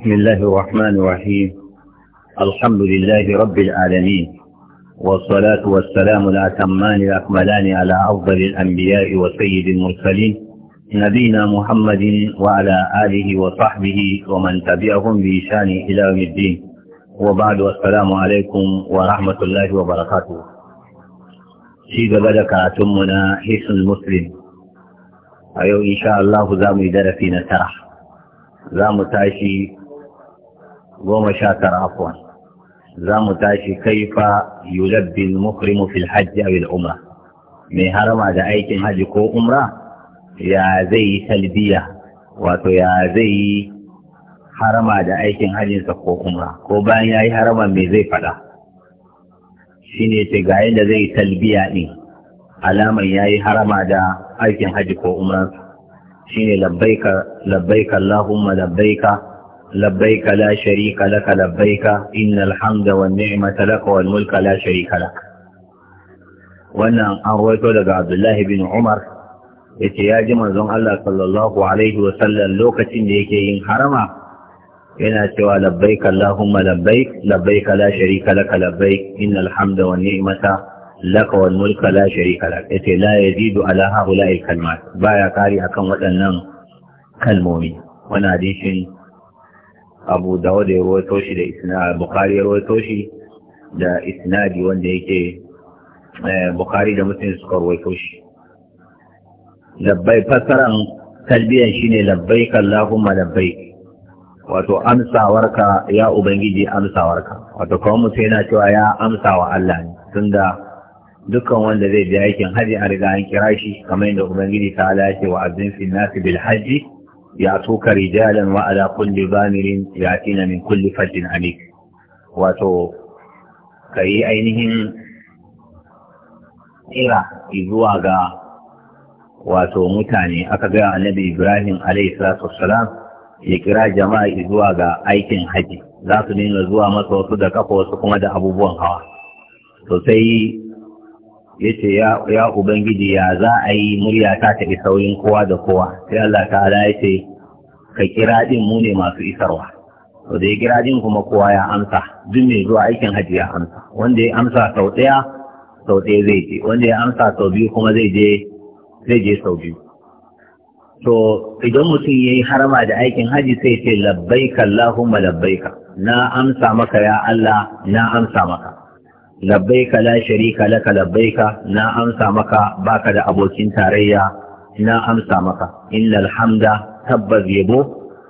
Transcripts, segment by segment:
بسم الله الرحمن الرحيم الحمد لله رب العالمين والصلاة والسلام الأتمان الأكملان على أفضل الأنبياء وسيد المرسلين نبينا محمد وعلى آله وصحبه ومن تبعهم بإشان إلى يوم الدين وبعد والسلام عليكم ورحمة الله وبركاته سيد بدك أتمنا حسن المسلم أيو إن شاء الله ذا فينا ترح za mu tashi goma sha tara afwan za mu tashi kaifa yulabbil mukrimu fil hajji aw al umra mai harama da aikin haji ko umra ya zai yi talbiya wato ya zai yi harama da aikin hajinsa ko umra ko bayan ya yi harama mai zai faɗa shi ne ce ga yadda zai talbiya ɗin alaman ya yi harama da aikin haji ko umransa shine labbaika labbaika Allahumma labbaika labbaik la sharika laka labbaik innal hamda wan ni'mata laka wal mulka la sharika lak wannan an rawaito daga Abdullah bin Umar yace ya ji manzon Allah sallallahu alaihi wa sallam lokacin da yake yin harama yana cewa labbaik Allahumma labbaik labbaik la sharika laka labbaik innal hamda wan ni'mata laka wal mulka la sharika lak yace la yazidu ala haula'i kalmat baya kari akan waɗannan kalmomi wani hadisin Abu Dawud ya rawaito shi da isnad Bukhari ya rawaito shi da isnadi wanda yake eh, Bukhari da Muslim suka rawaito shi labbai fasaran talbiyan shine labbaik Allahumma labbaik wato amsawarka ya ubangiji amsawarka wato kawai mutum na cewa ya amsa wa Allah ne tunda dukkan wanda zai je aikin haji a riga an kira shi kamar yadda ubangiji ta lace wa azin fi nasi bil haji ya tuka rijalan wa ala kulli zamirin ya tina min kulli fajin anik wato ka yi ainihin kira zuwa ga wato mutane aka ga annabi ibrahim alayhi salatu wassalam ya kira jama'a zuwa ga aikin haji za su dinga zuwa masa wasu da kafa wasu kuma da abubuwan hawa Sosai. ya ce ya ubangiji ya za a yi murya ta tafi sauyin kowa da kowa sai Allah ta'ala ya ce ka kira din mu ne masu isarwa to da ya kira din kuma kowa ya amsa duk mai zuwa aikin hajji ya amsa wanda ya amsa sau ɗaya sau ɗaya zai je wanda ya amsa sau biyu kuma zai je zai je sau biyu to idan mutum ya yi harama da aikin hajji sai ce labbaika Allahumma labbaika na amsa maka ya Allah na amsa maka labbaika la sharika laka labbaika na amsa maka baka da abokin tarayya na amsa maka innal hamda tabbaz yabo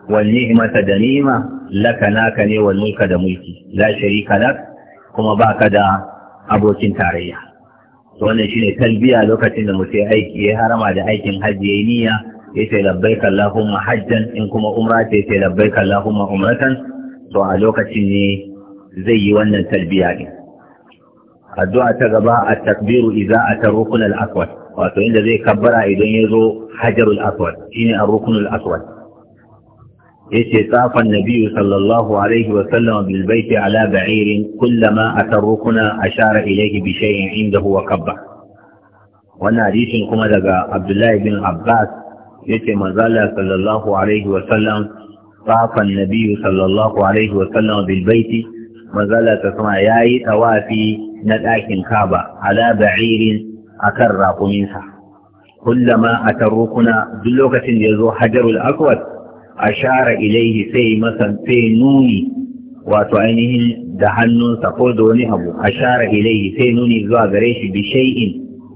wal ni'mata da ni'ma laka naka ne wal mulka da mulki la sharika lak kuma baka da abokin tarayya wannan shine talbiya lokacin da mutum aiki ya harama da aikin hajji ya niyya ya ce labbaika allahumma hajjan in kuma umra ce ya ce labbaika allahumma umratan to a lokacin ne zai yi wannan talbiya ne. addu'a ta gaba a takbiru idza ata rukun al-aswad wato inda zai kabbara idan ya zo hajarul aswad shine ar-rukun al-aswad yace tsafa nabi sallallahu alaihi wa sallam bil baiti ala ba'irin kullama ata rukuna ashara ilayhi bi shay'in indahu wa kabba wannan hadisin kuma daga abdullahi bin abbas yace manzo Allah sallallahu alaihi wa sallam tsafa nabi sallallahu alaihi wa sallam bil baiti manzala ta sama ya yi tawafi na ɗakin kaba ala ba'irin a kan raƙuminsa kullama a tarukuna duk lokacin da ya zo hajarul akwat a share ilaihi sai masa sai nuni wato ainihin da hannunsa ko da wani abu a share ilaihi sai nuni zuwa gare shi bi shay'in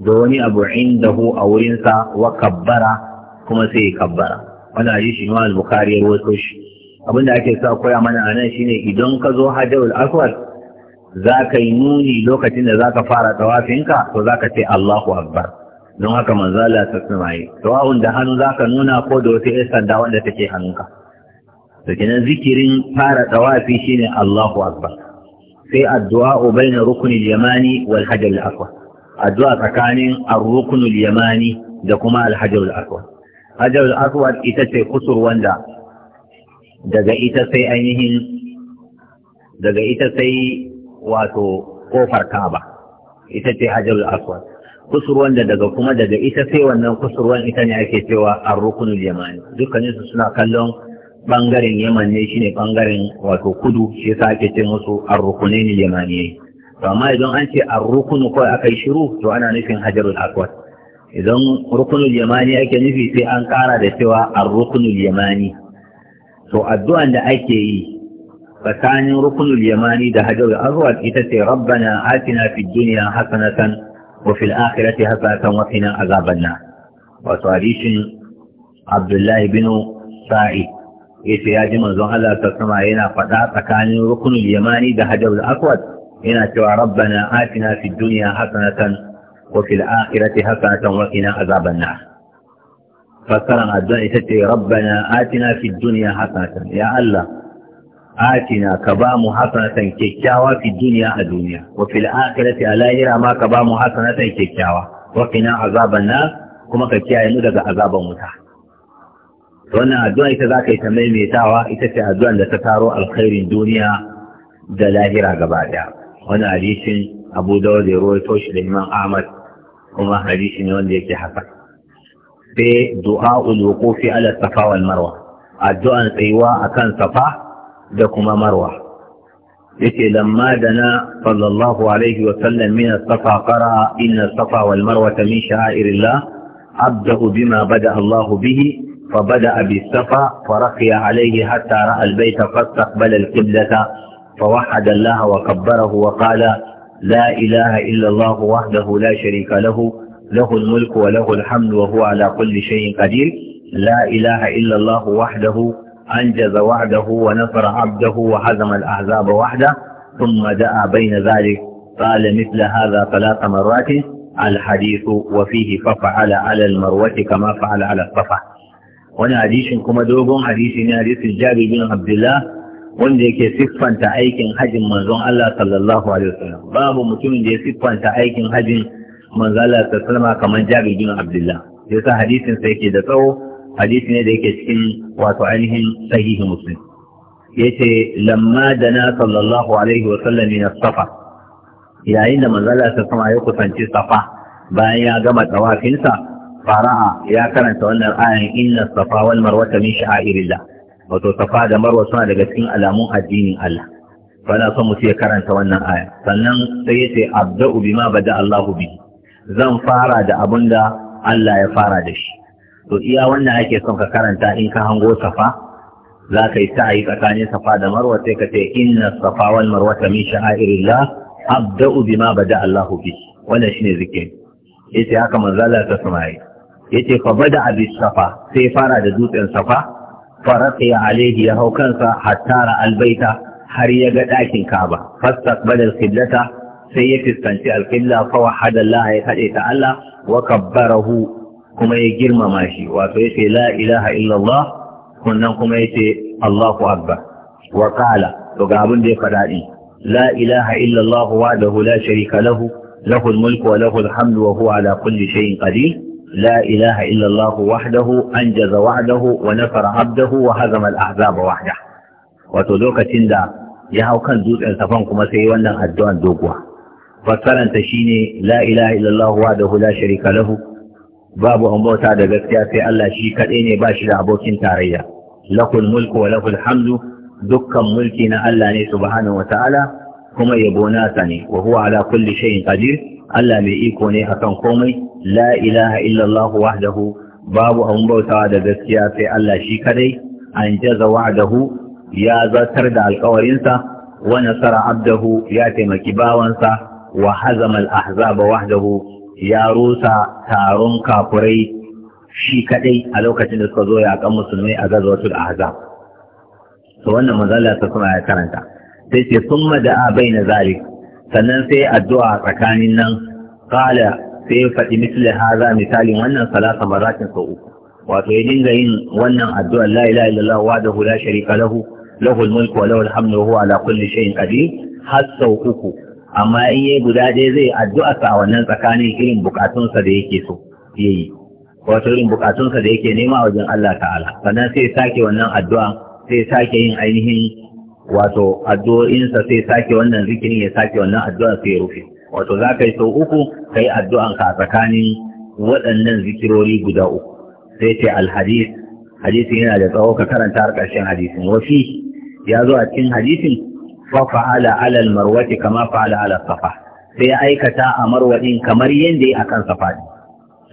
da wani abu indahu a wurinsa wa kabbara kuma sai kabbara wannan hadisi Imam Bukhari ya rawaito shi da ake sa koya mana a nan shine idan ka zo hajarul aswad za ka yi nuni lokacin da za ka fara tawafinka to za ka ce Allahu Akbar don haka manzo Allah ta yi. tawawun da hannu za ka nuna ko da wata yar sanda wanda take hannunka to kenan zikirin fara tawafi shine Allahu Akbar sai addu'a baina rukunil yamani wal hajarul aswad addu'a tsakanin ar-rukunul yamani da kuma al-hajarul aswad hajarul aswad ita ce kusur wanda daga ita sai ainihin daga ita sai wato kofar kaba ita ce hajarul aswad kusurwan da daga kuma daga ita sai wannan kusurwan ita ne ake cewa arrukunul yamani dukkanin su suna kallon bangaren yaman ne shine bangaren wato kudu shi yasa ake ce musu arrukunaini yamani to amma idan an ce ar kawai aka yi shiru to ana nufin hajarul aswad idan rukunul yamani ake nufi sai an kara da cewa rukunul yamani to addu'an da ake yi tsakanin rukunul yamani da hajar azwar ita ce rabbana atina fid dunya hasanatan wa fil akhirati hasanatan wa qina azaban nar wato hadisin Abdullahi bin Sa'id yace ya ji manzon Allah ta sama yana faɗa tsakanin rukunul yamani da hajar aswad yana cewa rabbana atina fid dunya hasanatan wa fil akhirati hasanatan wa qina azaban nar fassaran addu'a ita ce rabbana atina fi duniya hasanatan ya Allah atina ka ba mu hasanatan kyakkyawa fi duniya a duniya wa fil akhirati a lahira ma ka ba mu hasanatan kyakkyawa wa qina azaban na!" kuma ka kiyaye mu daga azaban wuta wannan addu'a ita za ka yi ta maimaitawa ita ce addu'an da ta taro alkhairin duniya da lahira gaba ɗaya wannan hadisin abu dawud ya rawaito shi da imam ahmad kuma hadisi ne wanda yake hasan sai du'a ulwuqufi ala safa wal marwa addu'an tsayuwa akan safa da kuma marwa yace lamma dana sallallahu alaihi wa sallam min as-safa qara inna as-safa wal marwa min sha'irillah abda'u bima bada'a Allah bihi فبدأ بالسفا فرقي عليه حتى رأى البيت فاستقبل القبلة فوحد الله وكبره وقال لا إله إلا الله وحده لا شريك له له الملك وله الحمد وهو على كل شيء قدير لا إله إلا الله وحده أنجز وعده ونصر عبده وهزم الأحزاب وحده ثم دعا بين ذلك قال مثل هذا ثلاث مرات الحديث وفيه ففعل على المروة كما فعل على الصفا وانا حديث كما دوغون حديث حديث الجابي بن عبد الله wanda yake siffanta aikin hajjin manzon الله صلى الله عليه وسلم mutumin da ya siffanta aikin hajjin manzala ta salama kamar jabir bin abdullah sai sa hadisin sa yake da tsawo hadisi ne da yake cikin wato ainihin sahihi muslim yace lamma dana sallallahu alaihi wa sallam min safa yayin da manzala ta sama ya kusanci safa bayan ya gama tsawafinsa. fara'a ya karanta wannan ayan inna safa wal marwata min sha'airillah wato safa da marwa suna daga cikin alamun addinin Allah bana son mutum ya karanta wannan aya sannan sai yace abda'u bima bada Allahu bi zan fara da abin da Allah ya fara da shi to iya wannan ake son ka karanta in ka hango safa za ka yi sa'ayi tsakanin safa da marwa sai ka ce inna safa wal marwa ta min sha'airillah abda'u bima bada Allahu bi wannan shine zikiri yace haka manzo Allah ta Ya yace fa bada abi safa sai fara da dutsen safa faraqi alaihi ya hau kansa hatta albaita har ya ga ba. Ka'aba bada alqiblata sai ya fiskanci alƙibla fa hada Allah ya kaɗe ta Allah wa kabbarahu kuma ya girmama shi wato ya ce la ilaha illallah sannan kuma ya ce Allahu akbar wa qala to ga abin da ya faɗa din la ilaha illallah wahdahu la sharika lahu lahu mulku wa lahu al-hamdu wa huwa ala kulli shay'in qadir لا wa إلا abdahu wa أنجز وعده ونصر عبده wato الأحزاب وحده ya hau kan dutsen دوت أن sai wannan addu'an doguwa. fassaranta shine la ilaha illallah wahdahu la sharika lahu babu an bauta da gaskiya sai Allah shi kaɗai ne ba shi da abokin tarayya lakul mulku wa lakul hamdu dukkan mulki na Allah ne subhanahu wataala kuma yabo nasa ne wa huwa ala kulli shay'in qadir Allah mai iko ne akan komai la ilaha illallah wahdahu babu an bautawa da gaskiya sai Allah shi kadai an jaza wa'dahu ya zartar da alƙawarinsa wa nasara abdahu ya taimaki bawansa wa hazama al-ahzaba wahdahu ya rusa taron kafurai shi kadai a lokacin da suka zo ya kan musulmai a gazawatul ahzab to wannan mazalla ta kuma ya karanta sai ce summa da baina zalik sannan sai addu'a tsakanin nan qala sai ya faɗi misali haza misalin wannan salasa maratin sau uku wato ya dinga yin wannan addu'a la ilaha illallah da la sharika lahu lahu al-mulku wa lahu al-hamdu wa huwa ala kulli shay'in qadir har sau uku amma in yayi guda ɗaya zai addu'a sa wannan tsakanin irin bukatunsa da yake so yayi wato irin bukatunsa da yake nema wajen Allah ta'ala sannan sai sake wannan addu'a sai sake yin ainihin wato addu'o'insa sai sake wannan zikirin ya sake wannan addu'a sai ya rufe wato za ka yi sau uku ka yi addu'anka a tsakanin waɗannan zikirori guda uku sai ce alhadis hadisin yana da tsawo ka karanta har ƙarshen hadisin wafi ya zo a cikin hadisin ففعل على المروة kama فعل على الصفا sai ya aikata a marwa din kamar yadda ya akan safa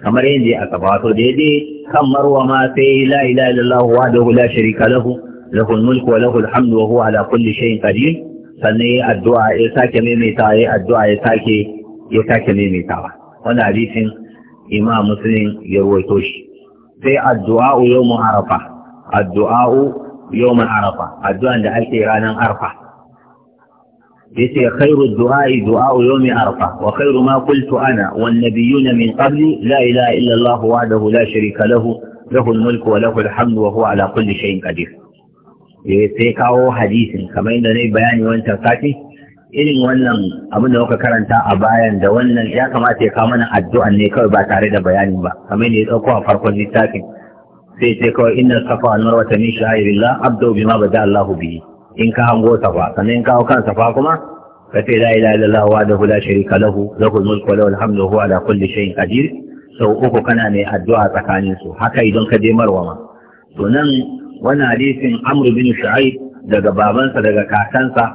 kamar yadda ya aka wato da yaje kan marwa ma sai la ilaha illallah wahdahu la sharika lahu lahul mulku wa lahul hamdu wa huwa ala kulli shay'in qadir sannan ya addu'a ya sake maimaita ya addu'a ya sake ya sake maimaitawa wannan hadisin imam muslim ya ruwaito shi sai addu'a yawmu arafa addu'a yawmu arafa addu'an da ake ranar arafa "Kairu! Du'a du'a'i du'a'u yawmi arfa wa kairu ma kultu ana wan na min qabli la ilaha illallahu Allah wahdahu la sharika lahu lahu al-mulku wa lahu al-hamdu wa huwa ala kulli shay'in qadir eh, sai kawo hadisin kamar yadda nayi bayani wancan sati irin wannan abin da muka karanta a bayan da wannan ya kamata ya kawo mana addu'an ne kawai ba tare da bayani ba kamar yadda ya dauko a farkon littafin sai sai kawai inna safa wal marwa min sha'irillah abdu bima bada Allah bihi in ka hango safa sannan in kawo kansa kan kuma ka ce la ilaha illallah wa da la sharika lahu lahul mulku wa lahul hamdu huwa ala kulli shay'in qadir sau uku kana ne addu'a tsakanin su haka idan ka je marwa ma to nan wannan hadisin amr bin shu'aib daga babansa daga kakansa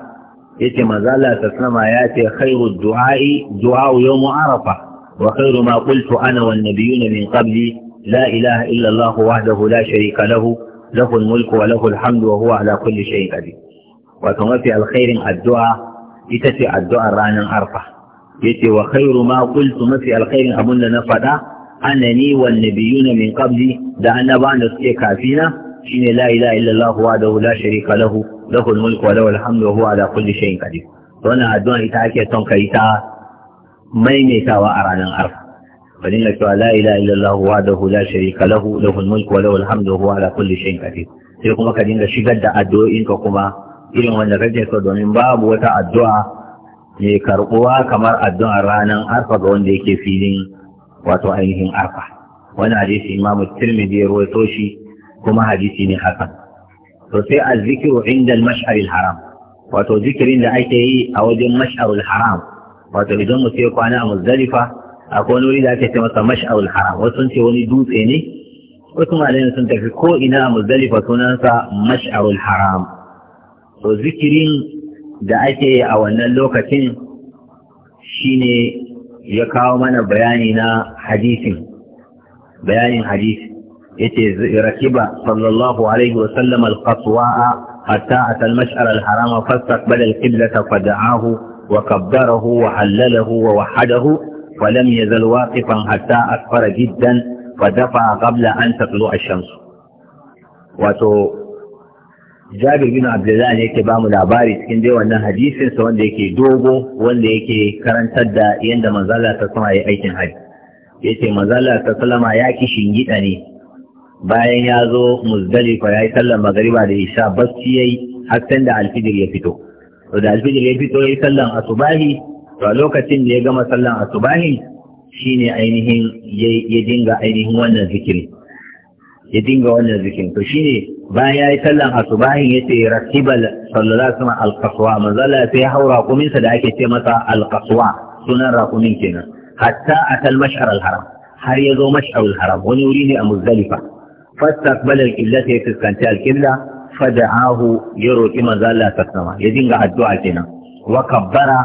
yace manzo Allah sallama ya ce khairu du'a'i du'a yawm arafa وخير ما قلت أنا والنبيون من قبلي لا إله إلا الله وحده لا شريك له له الملك وله الحمد وهو على كل شيء قدير wato mafi alkhairin addu'a ita ce addu'ar ranar arfa ce wa khairu ma qultu mafi alkhairin abun da na faɗa annani wan na min qabli da annabawan da suke kafina shine la ilaha illallah wahdahu la sharika lahu lahu mulku wa lahu alhamdu wa huwa ala kulli shay'in qadir wannan addu'a ita ake son kai ta maimaitawa a ranar arfa فإن لا إله إلا الله وحده لا شريك له له الملك وله الحمد وهو على كل شيء قدير sai kuma ka dinga shigar da addu'o'inka kuma irin wanda kake so domin babu wata addu'a mai karbuwa kamar addu'a ranar arfa ga wanda yake filin wato ainihin arfa wani hadisi imamu tirmidhi ya rawaito shi kuma hadisi ne hasan to sai azzikiru inda al haram wato zikirin da ake yi a wajen mash'arul haram wato idan mu ya kwana a muzdalifa akwai wani wuri da ake ce masa mash'arul haram wasu sun ce wani dutse ne wasu malayan sun tafi ko ina a muzdalifa sunansa mash'arul haram so zikirin da ake a wannan lokacin shine ya kawo mana bayani na hadisin bayanin hadisi yace rakiba sallallahu alaihi wa sallam al-qaswa'a hatta ata al-mash'ar al-harama fastaqbala al-qiblata wa kabbarahu wa hallalahu wa wahadahu wa lam yazal waqifan hatta akbara jiddan fadafa qabla an tatlu ash-shams wato jabir bin abdullahi ne yake bamu labari cikin dai wannan hadisin sa wanda yake dogo wanda yake karantar da yanda manzo Allah ta sama yi aikin haji yace manzo Allah ta sallama ya ki gida ne bayan ya zo muzdalifa ya yi sallar magariba da isha bacci yayi har sai da alfijir ya fito to da alfijir ya fito yayi sallar asubahi to a lokacin da ya gama sallan asubahi shine ainihin ya dinga ainihin wannan zikirin ya dinga wannan zikin to shine bayan ya sallan asubahin yace rakibal sallallahu alaihi wasallam alqaswa manzala sai ya hau sa da ake ce masa alqaswa sunan rakumin kenan hatta atal mash'ar alharam har ya zo mash'ar alharam wani wuri ne a muzdalifa fastaqbala alqibla ya fuskanci alqibla fada'ahu ya roki manzala sallama ya dinga addu'a kenan wa kabbara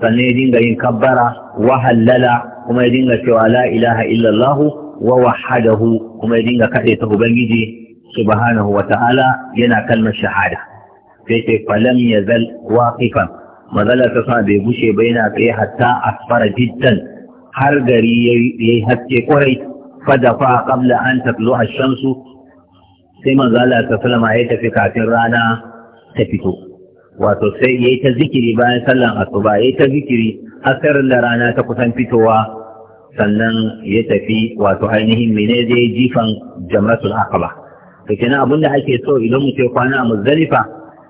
sannan ya dinga yin kabbara wa halala kuma ya dinga cewa la ilaha illallah wa wahadahu kuma ya dinga kaɗe ta ubangiji subhanahu wa ta'ala yana kalmar shahada sai ce falam ya zal waqifan mazala ta sa bai bushe ba yana tsaye hatta asfara jiddan har gari yayi haske kwarai fadafa qabla an tatlu ash-shamsu sai mazala ta ya tafi kafin rana ta fito wato sai yayi ta zikiri bayan sallan asuba yayi ta zikiri har da rana ta kusan fitowa sannan ya tafi wato ainihin mene zai jifan jamratul aqaba to kenan abinda ake so idan ce kwana a muzdalifa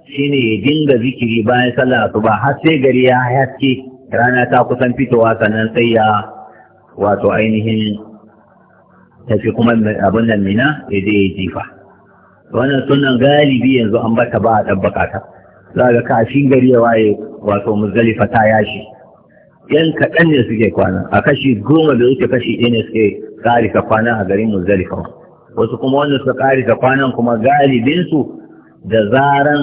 shine ya dinga zikiri bayan sallah ba har sai gari ya haske rana ta kusan fitowa sannan sai ya wato ainihin tafi kuma abin nan mina ya je ya jifa wannan sunan galibi yanzu an bata ba a dabbaka ta za ga kashin gari ya waye wato muzdalifa ta yashi yan kaɗan ne suke kwana a kashi goma da suke kashi ɗaya ne suke ƙarika kwana a garin muzdalifa wasu kuma wanda suka ƙarika kwanan kuma galibinsu da zaran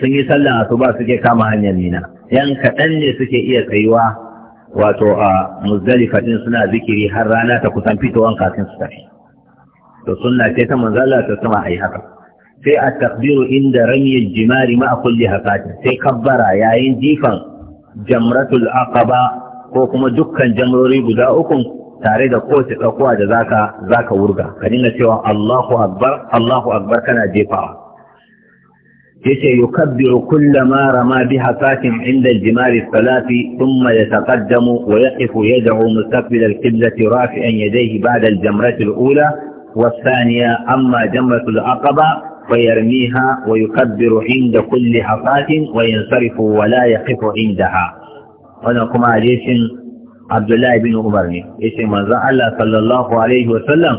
sun yi sallan a ba suke kama hanyar nina yan kaɗan ne suke iya tsayuwa wato a muzdalifa ɗin suna zikiri har rana ta kusan fitowan kafin su tafi to sunna ce ta manzala ta sama a yi haka sai a takbiru inda ramiyar jimari ma a kulli hakatin sai kabbara yayin jifan jamratul aqaba ko kuma dukkan jamrori guda uku tare da kowace dakuwa da zaka zaka wurga ka dinga cewa Allahu akbar Allahu akbar kana jefawa yace yukabbiru kullama rama biha fatim inda al salati thumma yataqaddamu wa yaqifu yad'u mustaqbil al rafi'an yadayhi ba'da al-jamrati al-ula والثانية أما جمرة العقبة ويرميها ويكبر عند كل حفاة وينصرف ولا يقف عندها ونقم حديث عبد الله بن عمر اسم الله صلى الله عليه وسلم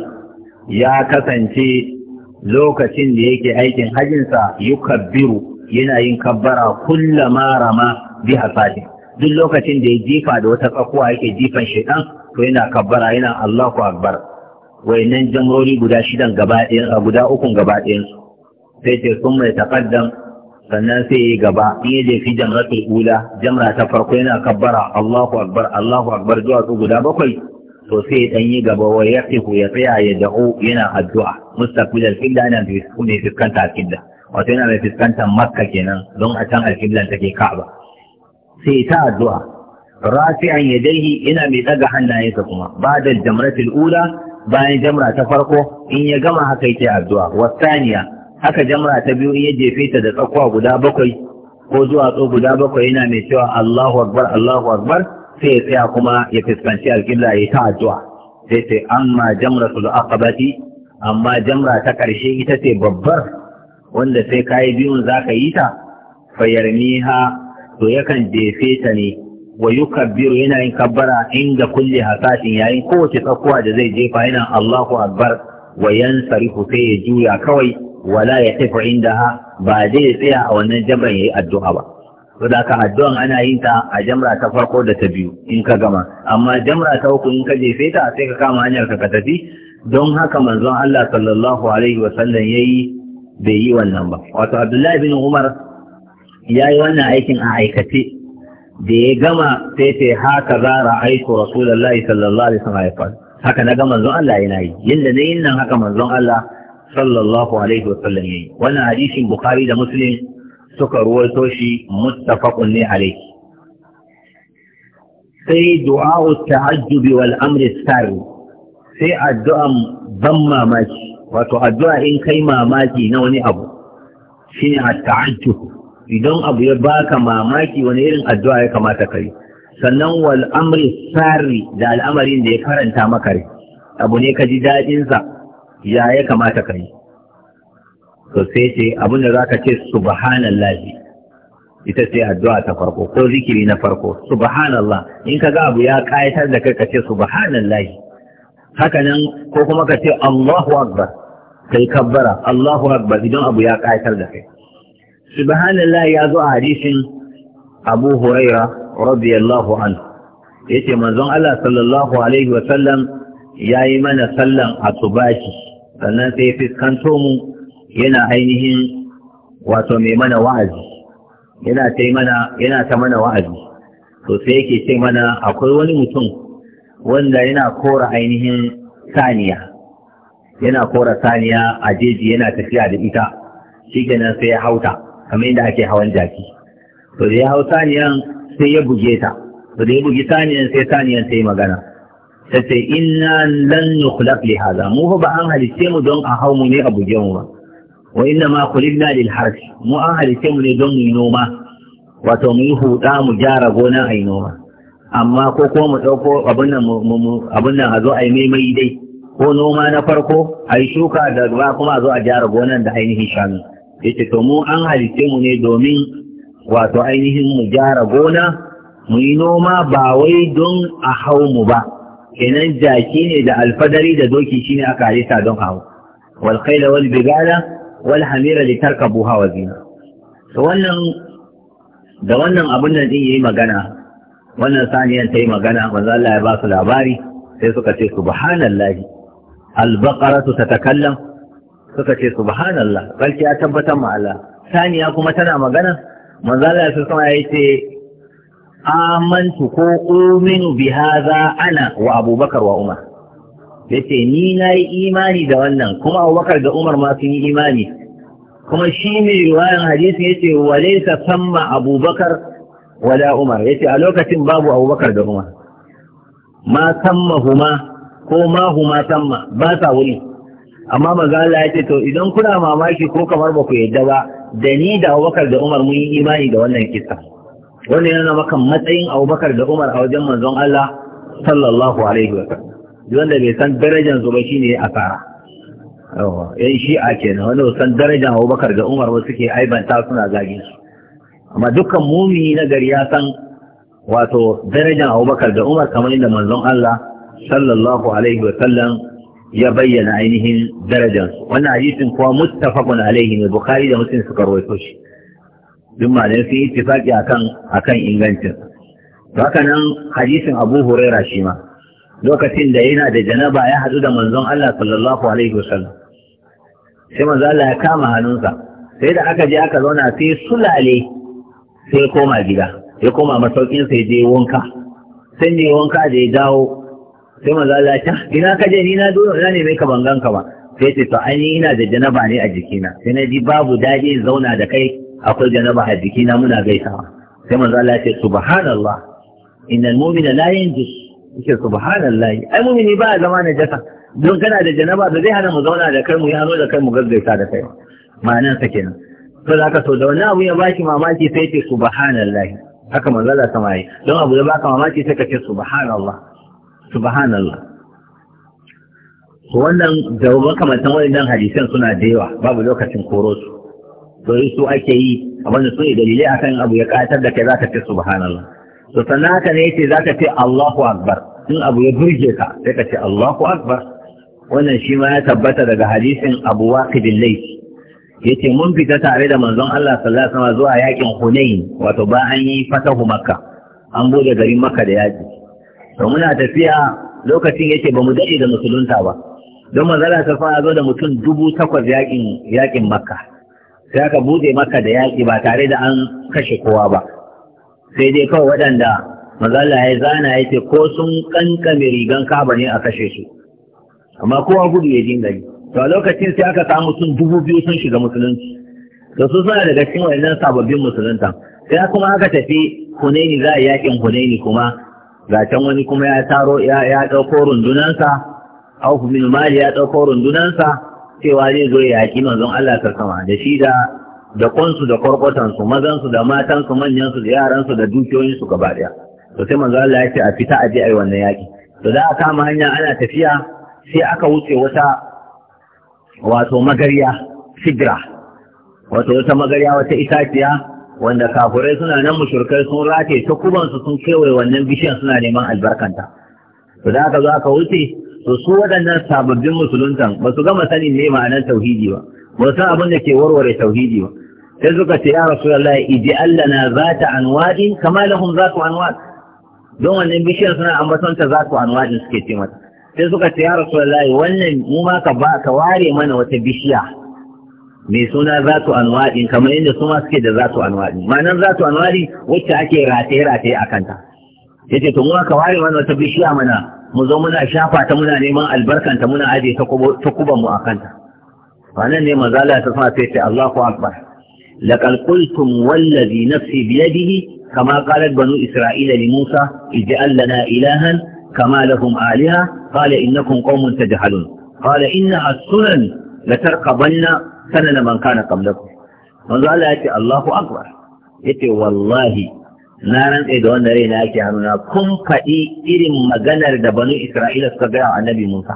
يا كسنتي lokacin da yake aikin hajjinsa yukabbiru yana yin kabbara kulla ma rama bi hasadi duk lokacin da ya jifa da wata tsakuwa yake jifan shaiɗan, to yana kabbara yana Allahu akbar wayannan jamrori guda shidan guda ukun sai ce sun mai taƙaddam sannan sai yi gaba in ya jefi jamratul ula jamra ta farko yana kabbara Allahu akbar Allahu akbar zuwa su guda bakwai to sai dan yi gaba wa yaqifu ya tsaya ya da'u yana addu'a mustaqbil al-qibla yana da ne fiskanta al-qibla wato yana mai fiskantar makka kenan don a can al take ka'aba sai ta addu'a rafi'an yadayhi yana mai daga hannayensa kuma ba'da jamratul ula bayan jamra ta farko in ya gama haka yake addu'a wasaniya haka jamra ta biyu ya jefe ta da tsakuwa guda bakwai ko zuwa duwatsu guda bakwai yana mai cewa Allahu akbar Allahu akbar sai ya tsaya kuma ya fuskanci alƙibla ya ta addu'a sai sai amma Jamra jamratul aqabati amma jamra ta ƙarshe ita ce babbar wanda sai kayi biyun zaka yi ta fayarmiha to yakan jefe ta ne wa yukabbiru yana yin kabbara inda kulli hasatin yayin kowace tsakuwa da zai jefa yana Allahu akbar wa yansarifu sai ya juya kawai wala ya tafi ha ba zai tsaya a wannan ya yayi addu'a ba saboda addu'an ana yin ta a jamra ta farko da ta biyu in ka gama amma jamra ta uku in ka jefe ta sai ka kama hanyar ka tafi don haka manzon Allah sallallahu alaihi wa sallam yayi bai yi wannan ba wato Abdullahi bin Umar yayi wannan aikin a aikace da ya gama sai ce haka za ra'aitu rasulallah sallallahu alaihi wa sallam haka na ga manzon Allah yana yi yanda na yin nan haka manzon Allah sallallahu alaihi wasallam yayi wannan hadisin bukhari da muslim suka ruwaito shi muttafaqun ne alaihi sai du'a'u ta'ajjub wal amri sari sai addu'an ban mamaki wato addu'a in kai mamaki na wani abu shine at-ta'ajjub idan abu ya baka mamaki wani irin addu'a ya kamata ka yi, sannan wal amri sari da al'amarin da ya karanta maka rai abu ne ka ji daɗinsa ya ya kamata ka yi to sai ce abin da zaka ce subhanallahi ita ce addu'a ta farko ko zikiri na farko subhanallah in ka ga abu ya kayatar da kai ka ce subhanallahi haka nan ko kuma ka ce Allahu akbar kai kabbara Allahu akbar idan abu ya kayatar da kai subhanallah ya zo a hadisin Abu Huraira radiyallahu anhu yace manzon Allah sallallahu alaihi wa sallam yayi mana sallan a asubahi sannan sai fiskanto mu yana ainihin wato mai mana wa'azi yana ta mana yana ta mana wa'azi to sai yake ce mana akwai wani mutum wanda yana kora ainihin saniya yana kora saniya a jeji yana tafiya da ita shikenan sai ya hauta kamar yadda ake hawan jaki to da ya hau saniyan sai ya buge ta to da ya buge saniyan sai saniyan ta yi magana ta ce inna lan nukhlaq li hada mu ba an halice mu don a hau mu ne a buge mu ba wa inna ma khuliqna lil harth mu an halice mu ne don mu yi noma wato mu yi huda mu gyara gona a yi noma amma ko ko mu ɗauko abin nan a zo a yi maimai dai ko noma na farko a yi shuka da ba kuma a zo a gyara gonan da ainihin shanu yace to mu an halitta mu ne domin wato ainihin mu gyara gona mu yi noma ba wai don a hau mu ba kenan jaki ne da alfadari da doki shine aka halitta don hau wal khayla wal bigala wal hamira li tarkabuha wa zina to wannan da wannan abin da din yayi magana wannan saniyan ta yi magana manzo Allah ya ba su labari sai suka ce subhanallahi al ta tatakallam suka ce subhanallah balki ya tabbatar ma Allah saniya kuma tana magana manzo Allah ya ce amantu ko uminu bi hadha ana wa abubakar wa umar yace ni nayi imani da wannan kuma abubakar da umar ma sun yi imani kuma shi ne riwayan hadisi yace wa laysa samma abubakar wala umar yace a lokacin babu abubakar da umar ma samma huma ko ma huma samma ba sa wuri amma maza Allah yace to idan kuna mamaki ko kamar ba ku yadda ba da ni da abubakar da umar mun yi imani da wannan kisa wannan yana maka matsayin abubakar da umar a wajen manzon Allah sallallahu alaihi wa sallam wanda bai san darajar su ba ne a yawa yan shi'a kenan wanda bai san darajar abubakar da umar ba suke aibanta suna zagin su amma dukkan mumini na gari ya san wato darajar abubakar da umar kamar yadda manzon Allah sallallahu alaihi wa sallam ya bayyana ainihin darajar wannan hadisin kuwa muttafaqun alaihi ne bukhari da muslim suka rawaito shi duk malamai sun yi tifaki akan akan ingancin haka nan hadisin Abu Huraira shi ma lokacin da yana da janaba ya hadu da manzon Allah sallallahu alaihi wasallam sai manzo Allah ya kama hannunsa sai da aka je aka zauna sai sulale sai koma gida ya koma masaukin sai je wanka sai ne wanka da ya dawo sai manzo Allah ya ah, ina ka je ni na dole na ne mai ka bangan ka ba sai ce to ai ina da janaba ne a jikina sai na ji babu daɗi zauna da kai akwai janaba a na muna gaisawa sai manzo Allah ya ce subhanallah innal mu'mina la yanjus yake subhanallah ai mu'mini ba zama na jasa don kana da janaba da zai hana mu zauna da kai mu yano da kai mu gaggaisa da kai ma'anar sa kenan to za ka so da wannan abu ya baki mamaki sai ce subhanallah haka manzo Allah sama yi don abu ya baka mamaki sai ka ce subhanallah subhanallah wannan jawaban makamantan waɗannan hadisan suna da yawa babu lokacin koro su to su ake yi wanda su ne dalilai akan abu ya katar da kai za ka ce subhanallah to sannan haka ne yace za ka fi Allahu akbar in abu ya burge ka sai ka ce Allahu akbar wannan shi ma ya tabbata daga hadisin Abu Waqid al yace mun fita tare da manzon Allah sallallahu alaihi wasallam zuwa yakin Hunain wato ba an yi fatahu Makka an bude garin Makka da yaki to muna tafiya lokacin yace mu daɗe da musulunta ba don manzala ta fara zo da mutum dubu takwas yakin yakin Makka sai aka buɗe maka da yaki ba tare da an kashe kowa ba sai dai kawai waɗanda mazalla ya zana ya ce ko sun ƙanƙame rigan kaba ne a kashe su amma kowa gudu ya dinga yi to a lokacin sai aka samu sun dubu biyu sun shiga musulunci da su suna daga cikin wayannan sababbin musulunta sai kuma aka tafi hunaini za a yaƙin hunaini kuma ga can wani kuma ya taro ya ɗauko rundunansa Auf bin Mali ya ɗauko rundunansa cewa zai zo ya yaƙi manzon Allah ta sama da shi da da kwansu da kwarkwatansu mazansu da matansu manyansu da yaransu da dukiyoyinsu gaba ɗaya to sai manzon Allah ya ce a fita a je a wannan yaƙi to za a kama hanya ana tafiya sai aka wuce wata wato magarya sidra wato wata magarya wata itaciya wanda kafurai suna nan mushurkai sun rataye ta kubansu sun kewaye wannan bishiyan suna neman albarkanta to da aka zo aka wuce to su waɗannan sababbin musuluntan ba su gama sanin ne ma'anar tauhidi ba ba san abin da ke warware tauhidi ba sai suka ce ya ya iji Allah na zata anwaɗi? kama lahum ku anwa? don wannan bishiyar suna ambatonta za zatu anwadin suke ce mata sai suka ce ya rasulullah wannan mu ma ka ba ka ware mana wata bishiya mai suna za zatu anwaɗi? kamar yadda su ma suke da za zatu anwadin ma'anar zatu anwaɗi wacce ake rataye rataye a kanta yace to mu ka ware mana wata bishiya mana mu zo muna shafa ta muna neman albarkanta muna aje ta kubanmu a kanta wannan ne mazala ta sa sai ce Allahu akbar laqad qultum wallazi nafsi biyadihi kama qalat banu isra'ila li musa ij'al lana ilahan kama lahum aliha qala innakum qaumun tajhalun qala inna as-sunan latarqabanna sanana man kana qablakum manzo Allah ya ce Allahu akbar yace wallahi na rantse da wanda raina yake hannuna kun faɗi irin maganar da banu Isra'ila suka gaya wa annabi Musa.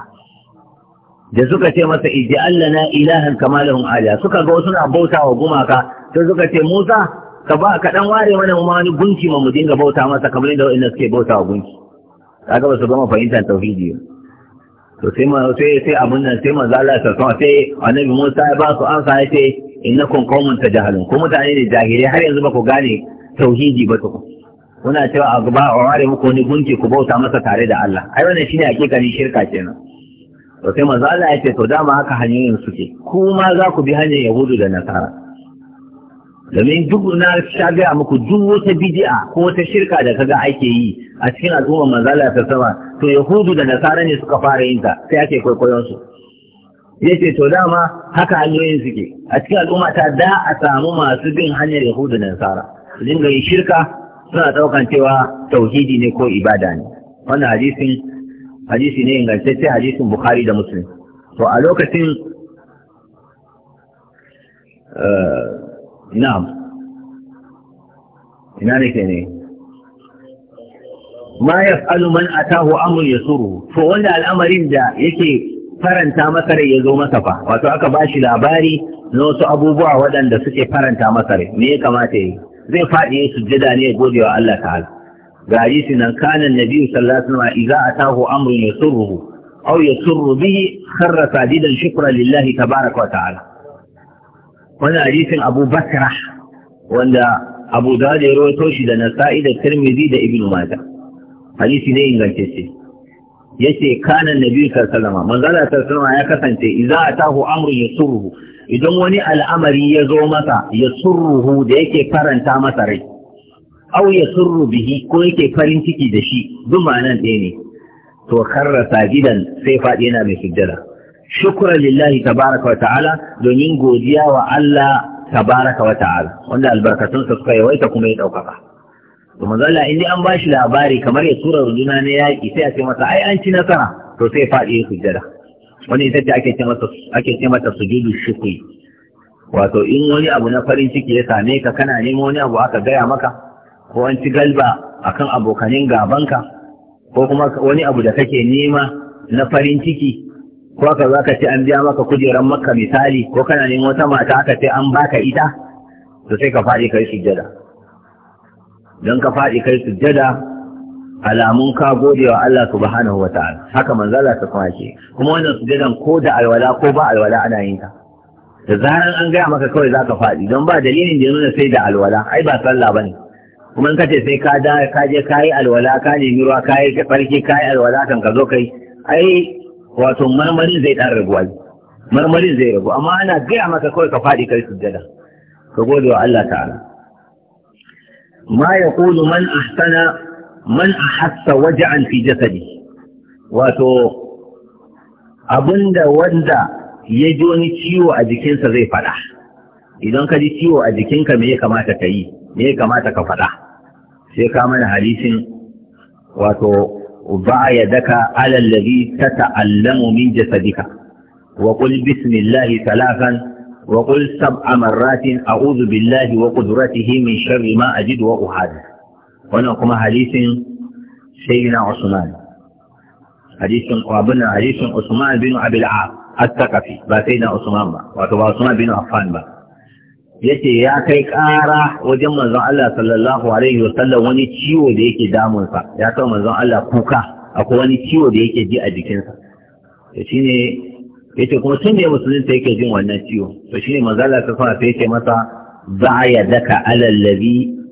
Da suka ce masa iji Allah na ilahan kamalahun aliya suka ga wasu suna bauta wa gumaka sai suka ce Musa ka ba ka dan ware mana mu wani gunki ma mu dinga bauta masa kamar yadda wa'annan suke bauta wa gunki. Kaga ba su gama fahimtar tauhidi To sai ma sai sai abun nan sai manzo Allah sallallahu sa sai annabi Musa ya ba su amsa ya ce innakum qaumun tajhalun ko mutane ne jahilai har yanzu ba ku gane tauhidi ba tukun kuna cewa a gaba a ware muku wani gunki ku bauta masa tare da Allah ai wannan shine hakikanin shirka kenan to sai manzo Allah ya ce to dama haka hanyoyin suke ku ma za ku bi hanyar yahudu da nasara domin duk na shaga muku duk wata bid'a ko wata shirka da kaga ake yi a cikin al'umma manzo Allah ta sama to yahudu da nasara ne suka fara yin ta sai ake kwaikwayon su yace to dama haka hanyoyin suke a cikin al'umma ta da a samu masu bin hanyar yahudu da nasara dinga yin shirka suna ɗaukan cewa tauhidi ne ko ibada ne wannan hadisin hadisi ne ingantacce hadisin bukhari da muslim to a lokacin eh, na ina nake ne ma yaf'alu man atahu amrun yasuru to wanda al'amarin da yake faranta masa rai ya zo masa fa wato aka bashi labari na wasu abubuwa waɗanda suke faranta masa rai me ya kamata yi zai faɗi ya sujjada ne ya gode wa Allah ta'ala ga hadisi nan kana nabi sallallahu alaihi wasallam idza atahu amrun yasurruhu aw yusurru bihi kharra sadidan shukra lillahi tabaarak wa ta'ala wannan hadisin Abu Bakr wanda Abu Dawud ya rawaito shi da Nasa'i da Tirmidhi da Ibn Majah hadisi ne ingantacce yace kana nabi sallallahu alaihi wasallam manzala sallallahu alaihi wasallam ya kasance idza atahu amrun yasurruhu idan wani al'amari ya zo masa ya surruhu da yake faranta masa rai au ya surru bihi ko yake farin ciki da shi duma nan ɗaya ne to karrasa gidan sai faɗi yana mai sujjada shukran lillahi tabaraka wa ta'ala domin godiya wa Allah tabaraka wa ta'ala wanda albarkatunsa suka yawaita kuma ya ɗaukaka to manzala in in an ba shi labari kamar ya tura runduna na yaƙi sai a ce masa ai an ci nasara to sai faɗi ya sujjada wani ita ce ake ce mata su ce wato in wani abu na farin ciki ya same ka kana neman wani abu aka gaya maka ko an ci galba akan abokanin gabanka ko kuma wani abu da kake nema na farin ciki ko aka za ka ce an biya maka kujerar maka misali ko kana neman wata mata aka ce an baka ita to sai ka faɗi kai sujjada don ka faɗi kai sujjada alamun ka gode wa Allah subhanahu wa ta'ala haka manzo Allah ta kuma ke. kuma wannan sujudan ko da alwala ko ba alwala ana yin ta da zaran an gaya maka kawai zaka faɗi don ba dalilin da nuna sai da alwala ai ba sallah bane kuma in kace sai ka da ka je kai alwala ka nemi ruwa kai farki kai alwala kan ka zo kai ai wato marmarin zai dan rabuwa marmarin zai rabu amma ana gaya maka kawai ka faɗi kai sujjada ka gode wa Allah ta'ala ma yaqulu man ahsana man ahassa waj'an fi jasadi wato abinda wanda ya ji wani ciwo a jikinsa zai faɗa idan ka ji ciwo a jikinka me ya kamata ka yi me ya kamata ka faɗa sai ka mana hadisin wato ba ya daka alallazi ta ta'allamu min jasadika wa qul bismillahi talafan wa qul sab'a marratin a'udhu billahi wa qudratihi min sharri ma ajidu wa uhadu wannan kuma hadisin sayyidina Usman hadisin abin hadisin Usman bin Abil Al-Thaqafi ba sayyidina Usman ba wato ba Usman bin Affan ba yace ya kai ƙara wajen manzon Allah sallallahu alaihi wasallam wani ciwo da yake damunsa ya kai manzon Allah kuka akwai wani ciwo da yake ji a jikinsa to shine yace kuma tun da musulunta yake jin wannan ciwo to shine manzon Allah ta alaihi wasallam sai yace masa za ya daka alal ladhi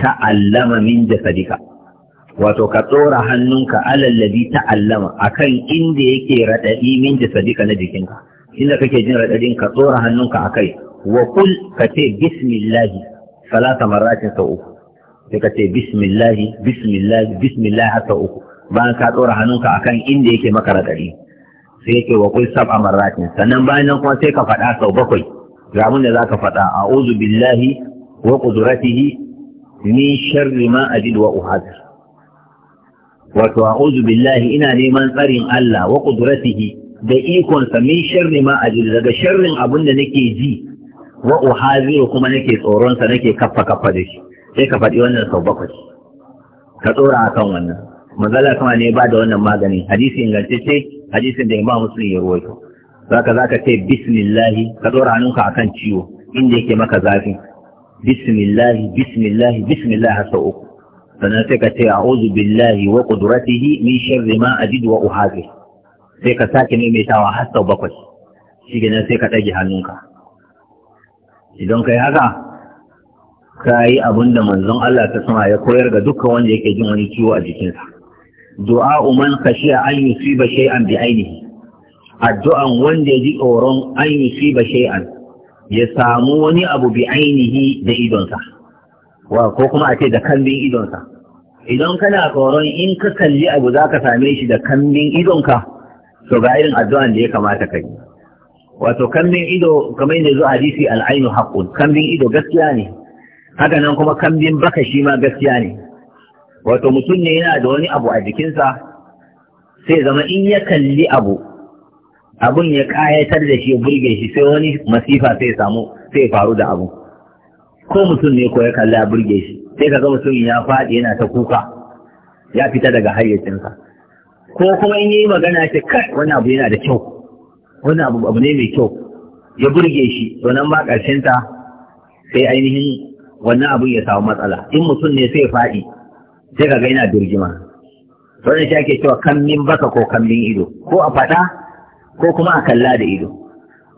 ta'allama min jasadika wato ka tsora hannunka alallabi ta'allama akan inda yake raɗaɗi min jasadika na jikinka inda kake jin raɗaɗin, ka tsora hannunka akai wa kul ka ce salasa marratin sau uku sai ka ce bismillah bismillah bismillah har sau uku bayan ka tsora hannunka akan inda yake maka raɗaɗi, sai yake wa kul sab'a marratin sannan bayan nan kuma sai ka faɗa sau bakwai ga abin da ka faɗa a'udhu billahi wa qudratihi min sharri ma ajid wa uhadir wato a'udhu billahi ina neman tsarin Allah wa qudratihi da ikonsa min sharri ma ajid daga sharrin abin da nake ji wa uhadir kuma nake tsoron sa nake kaffa kaffa da shi sai ka faɗi wannan sau bakwai ka tsora akan wannan mazala kuma ne ba da wannan magani hadisi ingantacce hadisin da imam muslim ya ruwaito zaka zaka ce bismillah ka tsora hannunka akan ciwo inda yake maka zafi bismillahi bismillahi bismillahi sau uku sannan sai ka ce a'udhu billahi wa qudratihi min sharri ma ajidu wa uhazir sai ka sake maimaitawa har sau bakwai shi ne sai ka ɗage hannunka idan kai haka ka yi abin da manzon Allah ta sama ya koyar ga dukkan wanda yake jin wani ciwo a jikinsa du'a man khashiya an yusiba shay'an bi ainihi addu'an wanda ya ji tsoron an yusiba shay'an ya samu wani abu bi ainihi da idonsa wa ko kuma a ce da kambin idonsa idan kana tsoron in ka kalli abu za ka same shi da kambin idonka to ga irin addu'an da ya kamata ka yi wato kambin ido kamar yadda zuwa hadisi al'ainu haqqun kambin ido gaskiya ne haka nan kuma kambin baka shi ma gaskiya ne wato mutum ne yana da wani abu a jikinsa sai zama in ya kalli abu abun ya kayatar da shi ya burge shi sai wani masifa sai samu sai faru da abu ko mutum ne ko ya kalla ya burge shi sai kaga mutum ya faɗi yana ta kuka ya fita daga hayyacinsa ko kuma in yi magana ce kai wani abu yana da kyau wani abu abu ne mai kyau ya burge shi to ba ƙarshen ta sai ainihin wannan abun ya samu matsala in mutum ne sai faɗi sai kaga yana birgima wannan shi ake cewa kan min baka ko kan ido ko a faɗa ko kuma a kalla da ido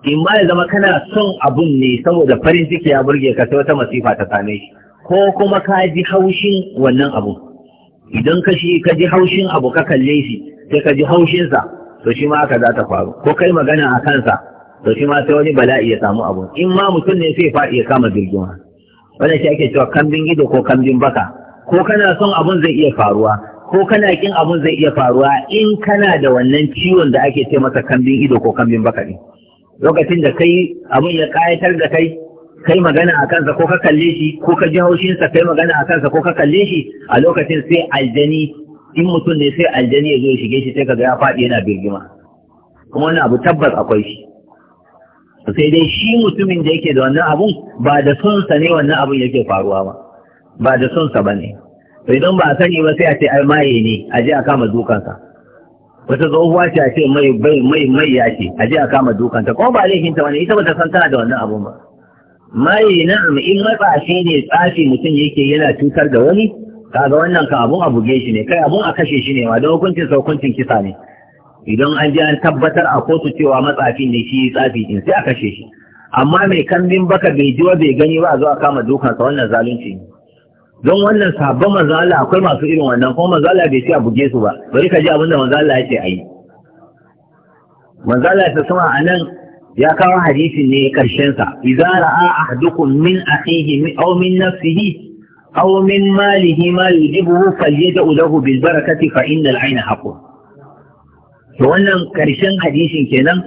in ma ya zama kana son abun ne saboda farin ciki ya burge ka sai wata masifa ta same shi ko kuma ka ji haushin wannan abu idan ka shi ka ji haushin abu ka kalle shi sai ka ji haushinsa to shi ma aka za ta faru ko kai magana a kansa to shi ma sai wani bala'i ya samu abu in ma mutum ne sai faɗi ya kama girgima wannan shi ake cewa kambin ido ko kambin baka ko kana son abun zai iya faruwa ko kana kin abun zai iya faruwa in kana da wannan ciwon da ake ce masa kambin ido ko kambin bakari lokacin da kai abun ya kayatar da kai kai magana a kansa ko ka kalle shi ko ka ji haushinsa kai magana a kansa ko ka kalle shi a lokacin sai aljani in mutum ne sai aljani ya zo ya shige shi sai kaga ya faɗi yana birgima kuma wannan abu tabbas akwai shi sai dai shi mutumin da yake da wannan abun ba da sonsa ne wannan abun yake faruwa ba ba da sonsa ba to idan ba a sani ba sai a ce ai maye ne a je a kama dukansa wata tsohuwa ce a ce mai bai mai mai ya ce a je a kama dukanta kuma ba laifin ta wani ita ba ta san tana da wannan abun ba maye na'am in shi ne tsafi mutum yake yana cutar da wani kaga wannan ka abun a buge shi ne kai abun a kashe shi ne ma don hukuncin sa hukuncin kisa ne idan an ji an tabbatar a kotu cewa matsafi ne shi tsafi din sai a kashe shi amma mai kambin baka bai ji wa bai gani ba a zo a kama dukansa wannan zalunci ne don wannan sabon manzo Allah akwai masu irin wannan kuma manzo bai ce a buge su ba bari ka ji abin da manzo Allah yake ayi manzo Allah ta sama anan ya kawo hadisi ne karshen sa idza ra'a ahadukum min akhihi aw min nafsihi aw min malihi ma yujibuhu falyad'u lahu bil barakati fa innal ayna haqqu to wannan karshen hadisin kenan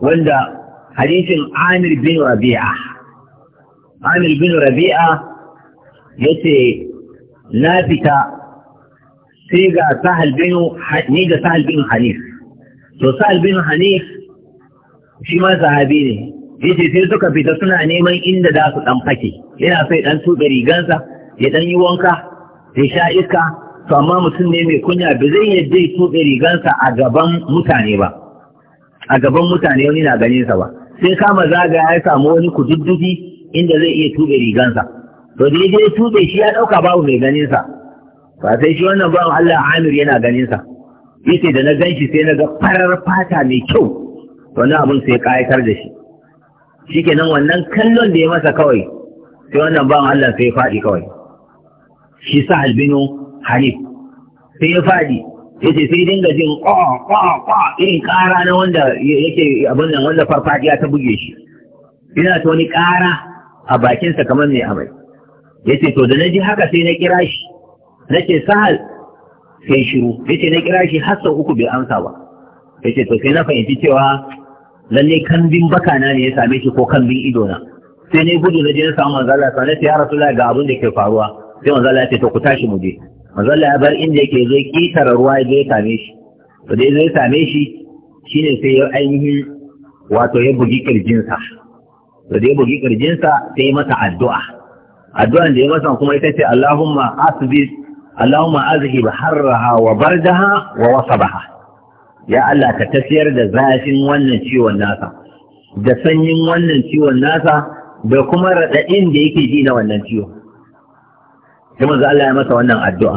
wanda hadisin Amir bin Rabi'a Amir bin Rabi'a yace na fita sai ga sahal binu ni ga sahal bin hanif to sahal bin hanif shi ma sahabi ne yace sai suka fita suna neman inda za su dan fake yana sai dan tuɓe rigansa ya dan yi wanka ya sha iska to amma mutum ne mai kunya ba zai yadda ya tuɓe rigansa a gaban mutane ba a gaban mutane wani na ganin sa ba sai kama zagaya ya samu wani kududdufi inda zai iya tuɓe rigansa to da ya tube shi ya ɗauka babu mai ganin sa ba sai shi wannan bawan Allah Amir yana ganin sa yace da na ganshi sai na ga farar fata mai kyau wannan abun sai kayatar da shi shikenan wannan kallon da ya masa kawai sai wannan ba Allah sai ya fadi kawai shi sa albino Hanif sai ya fadi yace sai dinga jin ƙwa ƙwa ƙwa irin ƙara na wanda yake abin nan wanda farfadiya ta buge shi Ina ta wani ƙara a bakinsa kamar mai amai Ya ce to da na ji haka sai na kira shi na ce sahal sai shiru Ya ce na kira shi har uku bai amsa ba Ya ce to sai na fahimci cewa lalle kambin baka na ne ya same shi ko kambin ido na sai na gudu na je na samu manzo Allah sai nace ya rasulullahi ga abin da ke faruwa sai Manzala ya ce to ku tashi mu je Manzala ya bar inda yake zai kitara ruwa ya je ya same shi to ya zai same shi shine sai ya ainihin wato ya bugi kirjinsa to da ya bugi kirjinsa sai masa addu'a addu'an da ya masa kuma ita ce Allahumma asbi Allahumma azhib harraha wa bardaha wa wasabaha ya Allah ka tafiyar da zafin wannan ciwon nasa da sanyin wannan ciwon nasa da kuma radadin da yake ji na wannan ciwon sai manzo Allah ya masa wannan addu'a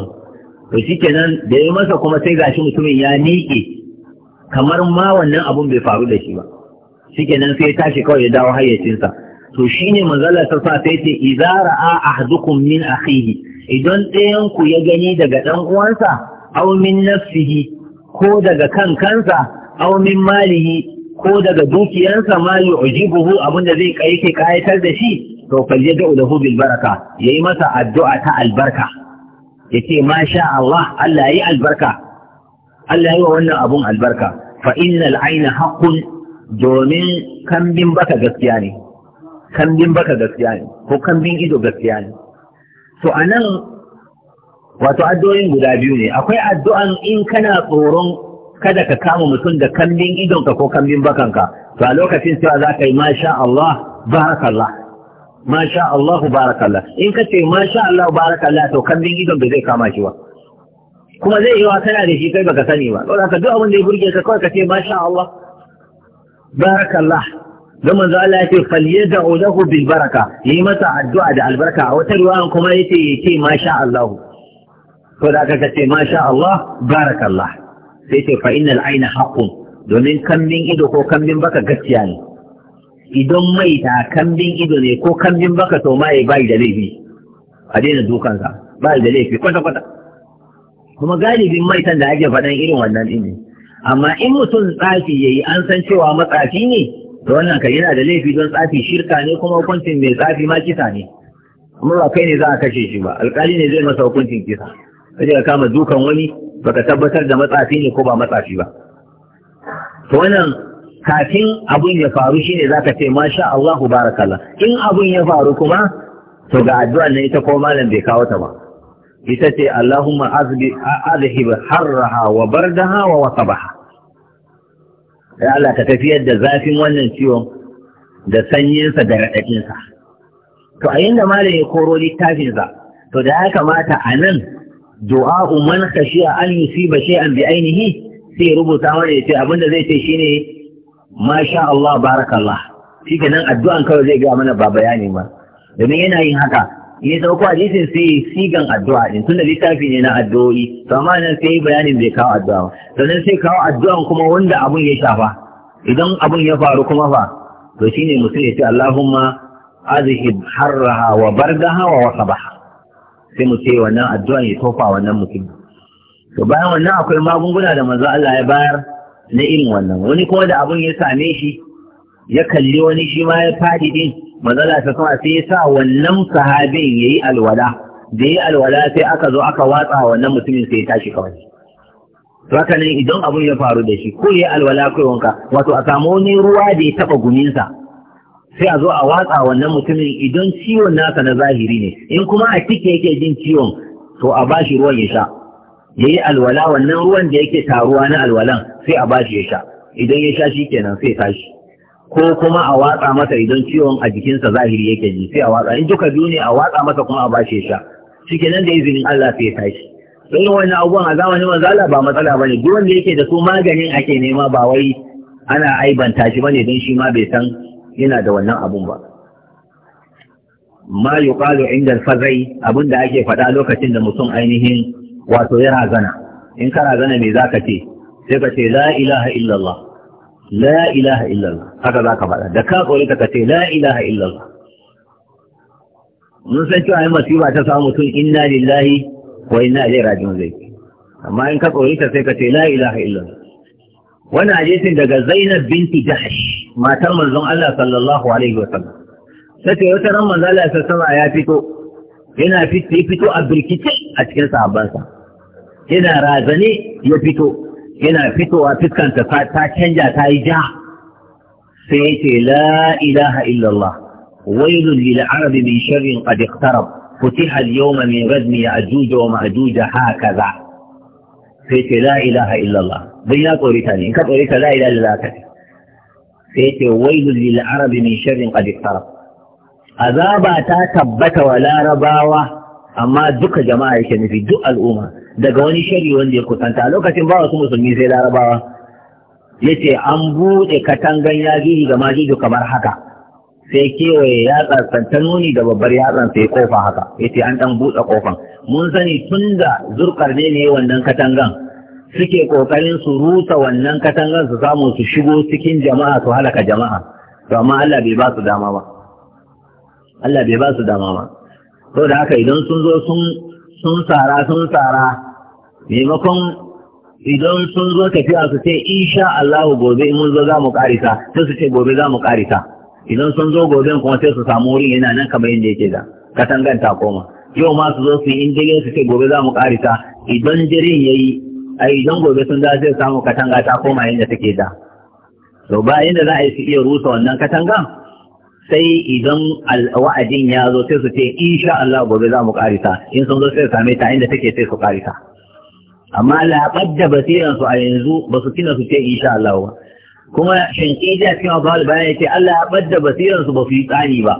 to shikenan da ya masa kuma sai gashi mutumin ya miƙe kamar ma wannan abun bai faru da shi ba shikenan sai ya tashi kawai ya dawo hayyacinsa to shine manzala ta sa ta yace idza ra'a ahadukum min akhihi idan ɗayan ku ya gani daga ɗan uwansa aw min nafsihi ko daga kan kansa aw min malihi ko daga dukiyansa ma yu'jibuhu da zai kai ke kayatar da shi to falyad'u lahu bil baraka yayi masa addu'a ta albarka yace ma sha Allah Allah yi albarka Allah wa wannan abun albarka fa innal aina haqqun domin kambin baka gaskiya ne kambin baka gaskiya ne ko kambin ido gaskiya ne to a nan wato addu'o'in guda biyu ne akwai addu'an in kana tsoron kada ka kama mutum da kambin idonka ko kambin bakanka to a lokacin cewa za ka yi masha Allah barakallah masha Allah barakallah in ka ce masha Allah barakallah to kambin idon bai zai kama shi ba kuma zai yiwa kana da shi kai baka sani ba to za ka duk abin da ya burge ka kawai ka ce masha Allah barakallah don manzo Allah ya ce falyada ulahu bil baraka yi masa addu'a da albarka a wata ruwa kuma yace yace masha Allah to da aka ce masha Allah barakallah sai ce fa innal aina haqqun domin kambin ido ko kambin baka gaskiya ne idan mai ta kambin ido ne ko kambin baka to mai bai da laifi a daina dukansa bai da laifi kwata kwata kuma galibin mai da ake faɗan irin wannan ne amma in mutum tsafi yayi an san cewa matsafi ne Da wannan kai yana da laifi don tsafi shirka ne kuma hukuncin mai tsafi ma kisa ne amma ba kai ne za a kashe shi ba alƙali ne zai masa hukuncin kisa kaje ka kama dukan wani baka tabbatar da matsafi ne ko ba matsafi ba to wannan kafin abun ya faru shine zaka ce masha Allah barakallah in abun ya faru kuma to ga addu'a ne ita ko malam bai kawo ta ba ita ce Allahumma azbi azhib harraha wa bardaha wa wasabaha ya Allah ka tafiyar da zafin wannan ciwon da sanyinsa da raɗaɗinsa to a da malam ya koro littafinsa to da ya kamata a nan du'a man khashiya an yusiba an bi ainihi sai rubuta wani ya ce abinda zai ce shine masha Allah barakallah shi nan addu'an kawai zai ga mana ba bayani ba domin yana yin haka ya dauko hadisin sai sigan addu'a din tunda littafi ne na addu'o'i to amma nan sai bayanin bai kawo addu'a ba sannan sai kawo addu'an kuma wanda abun ya shafa idan abun ya faru kuma fa to shine mutum ya ce Allahumma azhib harraha wa bardaha wa wasabaha sai mu ce wannan addu'an ya tofa wannan mutum to bayan wannan akwai magunguna da manzo Allah ya bayar na irin wannan wani kuma da abun ya same shi ya kalli wani shi ma ya fadi din manzala ta sama sai ya sa wannan sahabin ya yi alwala da ya alwala sai aka zo aka watsa wannan mutumin sai ya tashi kawai haka nan idan abun ya faru da shi ko ya yi alwala kai wanka wato a samu wani ruwa da ya taba guminsa sai a zo a watsa wannan mutumin idan ciwon nasa na zahiri ne in kuma a cike yake jin ciwon to a bashi ruwan ya sha ya yi alwala wannan ruwan da yake taruwa na alwalan sai a bashi ya sha idan ya sha shi kenan sai tashi ko kuma a watsa masa idan ciwon a jikinsa zahiri yake ji sai a watsa in duka biyu ne a watsa masa kuma a bashi sha shike nan da izinin Allah sai ya tashi irin wannan abubuwan a zamani wanzala ba matsala bane duk wanda yake da su maganin ake nema ba wai ana aibanta shi bane don shi ma bai san yana da wannan abun ba ma yuqalu inda al-fazai abinda ake faɗa lokacin da mutum ainihin wato ya razana in ka razana me zaka ce sai ka ce la ilaha illallah la ilaha illallah haka za ka da ka kori ka la ilaha illallah mun san cewa yin masifa ta samu mutum inna lillahi wa inna ilaihi raji'un zai amma in ka kori ta sai ka ce la ilaha illallah wannan hadisin daga Zainab binti Jahsh matar manzon Allah sallallahu alaihi wa sallam sai ran manzon Allah ya fito yana fito fito a birkice a cikin sahabbansa yana razane ya fito yana fitowa fiskanta ta canja ta yi ja sai ya ce la ilaha illallah wailun lil arabi min sharrin qad iqtarab futiha al yawma min radmi ya'juj wa ma'juj hakaza sai ce la ilaha illallah dan ya tsorita ne in ka tsorita la ilaha illallah ka sai ce wailun lil arabi min sharrin qad iqtarab azaba ta tabbata wa larabawa amma duka jama'a yake nufi duk al'umma daga wani shari wanda ya kusanta a lokacin ba wasu musulmi sai larabawa ya ce an buɗe katangan yaji ga majiju kamar haka sai kewaye ya tsantsanta nuni da babbar yatsan sai kofa haka ya ce an ɗan buɗe kofan mun sani tun da zurkar ne ne wannan katangan suke ƙoƙarin su rusa wannan katangan su samu su shigo cikin jama'a su halaka jama'a to amma Allah bai ba su dama ba Allah bai ba su dama ba saboda haka idan sun zo sun sun tsara sun tsara maimakon idan sun zo tafiya su ce insha Allahu gobe in mun zo za mu karisa sai su ce gobe za mu karisa idan sun zo gobe kuma sai su samu wurin yana nan kamar yadda yake da katangan ta koma yau ma su zo su yi injiri su ce gobe za mu karisa idan jirin yayi a idan gobe sun za sai samu katanga ta koma yadda take da to bayan da za a yi su iya rusa wannan katangan sai idan wa'adin ya zo sai su ce insha Allah gobe za mu karisa in sun zo sai su same ta inda take sai su karisa amma labar da basiran su a yanzu ba su kina su ce insha Allah ba kuma shanki da cikin abal bayan ce Allah labar da basiransu su ba su yi tsani ba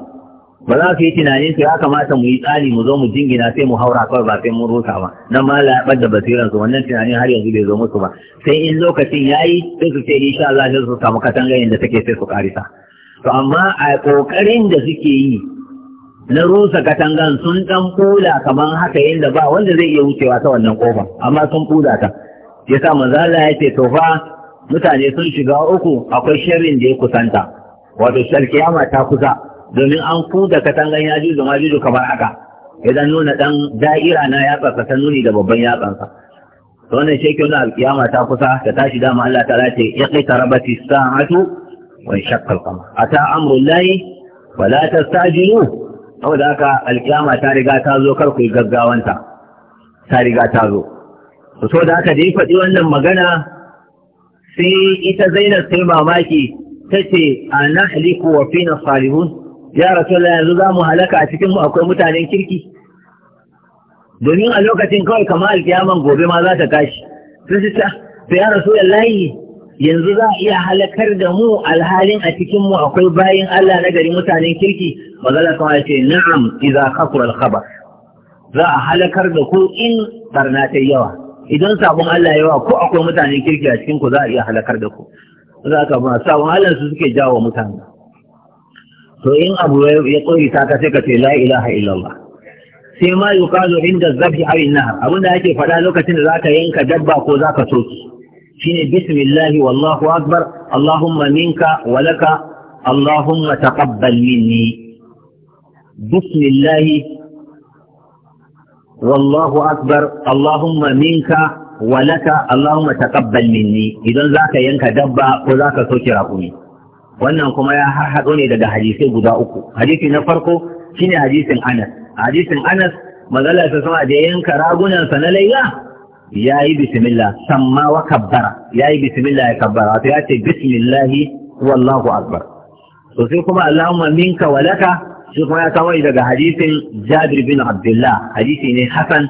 ba za su yi tunanin su ya kamata mu yi tsani mu zo mu jingina sai mu haura kawai ba sai mun rusa ba nan ma labar da basiransu su wannan tunanin har yanzu bai zo musu ba sai in lokacin ya yi sai su ce insha Allah sai su samu katangayin da take sai su karisa to amma a kokarin da suke yi na rusa katangan sun dan kula kamar haka yadda ba wanda zai iya wucewa ta wannan kofa amma sun kula ta yasa manzo Allah ya ce to fa mutane sun shiga uku akwai sharrin da ya kusanta wato kiyama ta kusa domin an kuda katangan ya ji ma ji kamar haka idan nuna dan da'ira na yatsa ka san nuni da babban yatsansa to wannan shi na kiyama ta kusa ta tashi dama Allah ta ce ya kai tarabati sa'atu wa shaqqa al-qamar ata amrul lahi wa la da aka alƙiyama ta riga ta zo kar yi gaggawanta ta riga ta zo so da aka da yi faɗi wannan magana sai ita zainab sai mamaki ta ce a na haliku wa fina salihun ya da yanzu za mu halaka a cikin mu akwai mutanen kirki domin a lokacin kawai kamar alƙiyaman gobe ma za ta tashi sun ta sai ah, ya rasuwa layi yanzu za a iya halakar da mu alhalin a cikin mu akwai bayin Allah na gari mutanen kirki magana kuma ce na'am idza kasura al-khabar za a halakar da ku in barna ta yawa idan sabon Allah yawa ko akwai mutanen kirki a cikin ku za a iya halakar da ku za ka ba sabon Allah su suke jawo mutane to in abu ya koyi ta ka sai ka ce la ilaha illallah sai ma yuqalu inda zabi awin nahar abin da ake faɗa lokacin da zaka yanka dabba ko za ka soki shine bismillah wallahu akbar allahumma minka wa laka allahumma taqabbal minni bismillah والله أكبر اللهم منك ولك اللهم تقبل مني إذا ذاك ينك دبا وذاك سوكي راقومي wannan kuma ya haɗo ne daga hadisai guda uku hadisi na farko shine hadisin Anas hadisin Anas mazala ta sama da yanka ragunansa na laila ya yi bismillah samma wa kabbara ya yi ya kabbara wato ya ce bismillahi wallahu akbar to sai kuma allahumma minka wa laka shi kuma ya kawo daga hadisin jabir bin abdullah hadisi ne hasan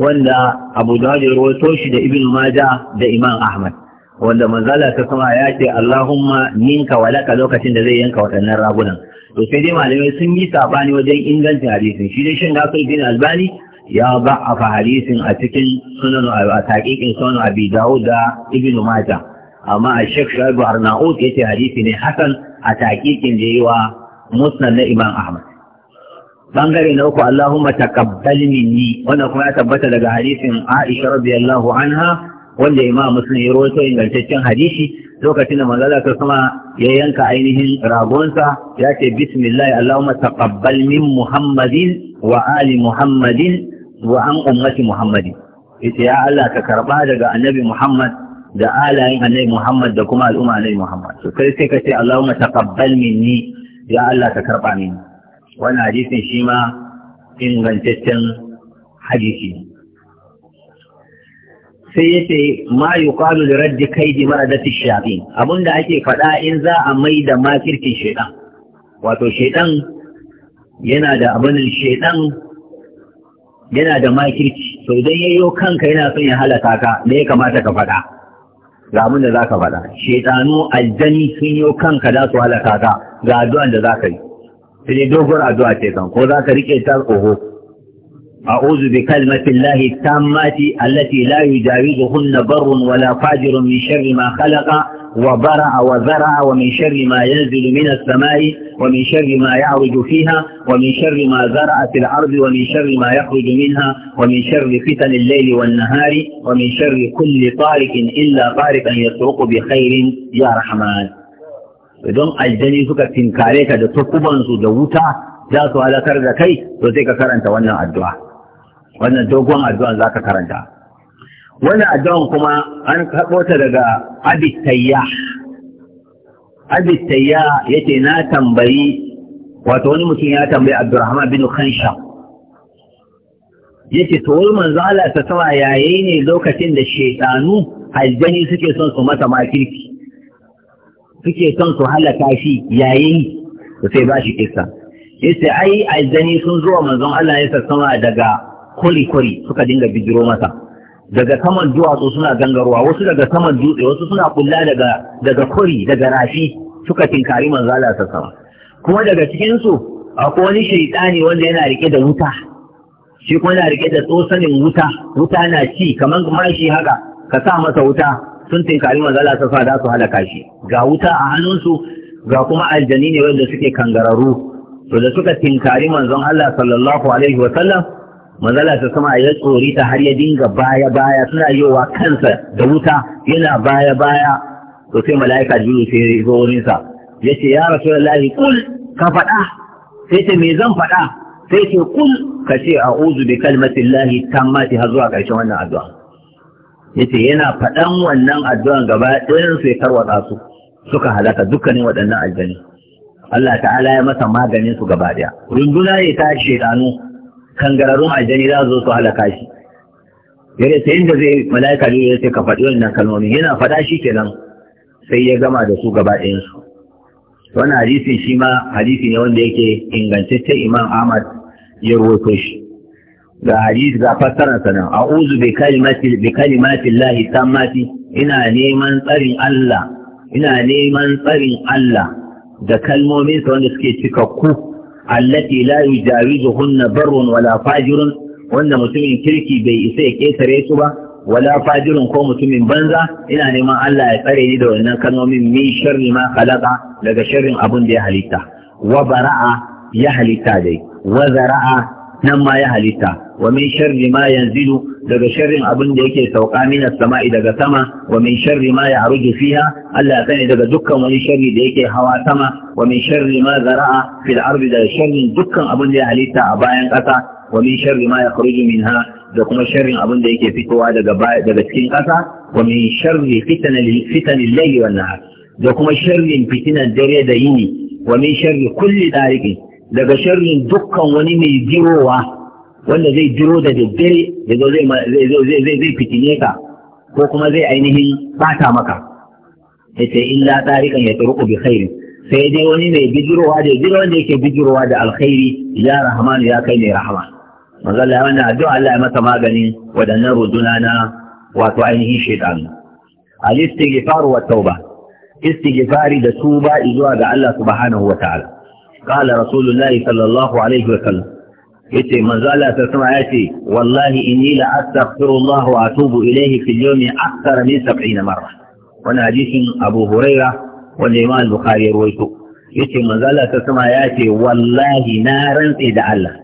wanda abu dawud ya rawaito shi da ibn majah da imam ahmad wanda manzala ta sama ya ce allahumma minka wa laka lokacin da zai yanka waɗannan ragunan to sai dai malamai sun yi sabani wajen ingancin hadisin shi dai shin gafir bin albani ya ba'a hadisin a cikin sunan a taƙiƙin sunan abi da ibn mata amma a shek shaibu arnaud ya ce hadisi ne hasan a taƙiƙin da yi wa musnad na imam ahmad bangare na uku allahumma taqabbal minni wannan kuma ya tabbata daga hadisin aisha radiyallahu anha wanda imam muslim ya rawaito ingantaccen hadisi lokacin da manzala ta sama ya yanka ainihin ragonsa ya ce bismillah allahumma taqabbal min muhammadin wa ali muhammadin wa an ummati muhammadin ita ya Allah ka karba daga annabi muhammad da alayin annabi muhammad da kuma al'umma annabi muhammad to kai sai ka ce allahumma taqabbal minni ya Allah ka karba mini wannan hadisin shi ma ingantaccen hadisi sai ya ce ma yi li da raddi kai maradati shafi Abunda ake fada in za a mai da makirkin shaytan wato shaytan yana da abinin shaidan yana da makirci to idan yayyo kanka yana son ya halaka ka me ya kamata ka faɗa ga abin da za ka faɗa shaidanu aljani sun yi kanka za su halaka ka ga addu'an da za ka yi sai dai dogon addu'a ce kan ko za ka riƙe ta oho أعوذ بكلمة الله التامة التي لا يجاوزهن بر ولا فاجر من شر ما خلق وبرع وذرع ومن شر ما ينزل من السماء ومن شر ما يعرج فيها ومن شر ما زرع في الأرض ومن شر ما يخرج منها ومن شر فتن الليل والنهار ومن شر كل طارق إلا طارقا يطرق بخير يا رحمن إذن أجدني suka tinkare ka da takubansu da wuta za su halakar da وانا الدعاء sai ka karanta wannan addu'a wani addu'an kuma an karɓo ta daga Abi abitayya Abi yace na tambayi wato wani mutum ya tambayi Abdurrahman bin Khansha yace to manzo Allah ta sama yayi ne lokacin da shaitanu aljani suke son su masa makirki suke son su halaka shi yayi sai ba shi kissa yace ai aljani sun zo manzon Allah ya daga kuri-kuri suka dinga bijiro masa daga saman duwatsu suna gangarwa wasu daga saman dutse wasu suna kula daga daga kuri daga rafi suka tinkari manzo Allah sama kuma daga cikin su akwai wani shaytani wanda yana rike da wuta shi kuma yana rike da tsosanin wuta wuta na ci kamar shi haka ka sa masa wuta sun tinkari manzo Allah ta sama da su halaka shi ga wuta a hannun su ga kuma aljani ne wanda suke kangararu to da suka tinkari manzon Allah sallallahu alaihi wa manzala ta sama ya tsori ta har ya dinga baya baya suna yowa kansa da wuta yana baya baya to sai mala'ika jibril sai ya zo wurin sa yace ya rasulullahi kul ka faɗa sai ce me zan faɗa sai ce kul ka ce a'udhu bi kalmatillahi tammati har zuwa ƙarshen wannan addu'a yace yana faɗan wannan addu'an gaba ɗayan sai tarwatsa su suka halaka dukkanin waɗannan aljani Allah ta'ala ya masa maganin su gaba ɗaya runduna ne ta shaidanu kangararun aljani za su zo su halaka shi yadda ta inda zai mala'ika ne ya ce ka faɗi wannan kalmomi yana faɗa shi kenan sai ya gama da su gaba ɗayansu Wani hadisin shi ma hadisi ne wanda yake ingantaccen imam ahmad ya rawaito shi ga hadisi ga fassara sa a'udhu bi kalimati bi kalimati llahi tammati ina neman tsarin Allah ina neman tsarin Allah da kalmomin sa wanda suke cika ku. allati la yujawizuhunna barrun wala fajirun wanda mutumin kirki bai isa ya ketare su ba wala fajirun ko mutumin banza ina neman Allah ya tsare ni da wannan kalmomin min sharri ma khalaqa daga sharrin abun da ya halitta wa bara'a ya halitta dai wa zara'a nan ma ya halitta wa min sharri ma yanzilu daga sharrin abin da yake sauka min samai daga sama wa min sharri ma ya ya'ruju fiha Allah ya sani daga dukkan wani sharri da yake hawa sama wa min sharri ma zara'a fil ardi da sharrin dukkan abin da ya halitta a bayan ƙasa wa min sharri ma yakhruju minha da kuma sharrin abin da yake fitowa daga daga cikin ƙasa wa min sharri fitanil fitanil layli wan nahar da kuma sharrin fitinan dare da yini wa min sharri kulli dariqin daga sharrin dukkan wani mai jirowa wanda zai jiro da daddare da zai zai fitine ka ko kuma zai ainihin bata maka ce illa ya yatruqu bi khairi sai dai wani mai bijirowa da jiro wanda yake bijirowa da alkhairi ya rahman ya kai mai rahama. manzo Allah wannan addu'a Allah ya masa maganin wadannan ruduna na wato ainihin shaitan al-istighfar wa tauba istighfari da tuba zuwa ga Allah subhanahu wa ta'ala qala rasulullahi sallallahu alaihi wa sallam yace manzo Allah ta sama yace wallahi inni la astaghfirullah wa atubu ilayhi fil yawmi akthar min 70 marra wannan hadisin Abu Huraira wanda Imam Bukhari ya rawaito yace manzo Allah ta sama yace wallahi na rantsi da Allah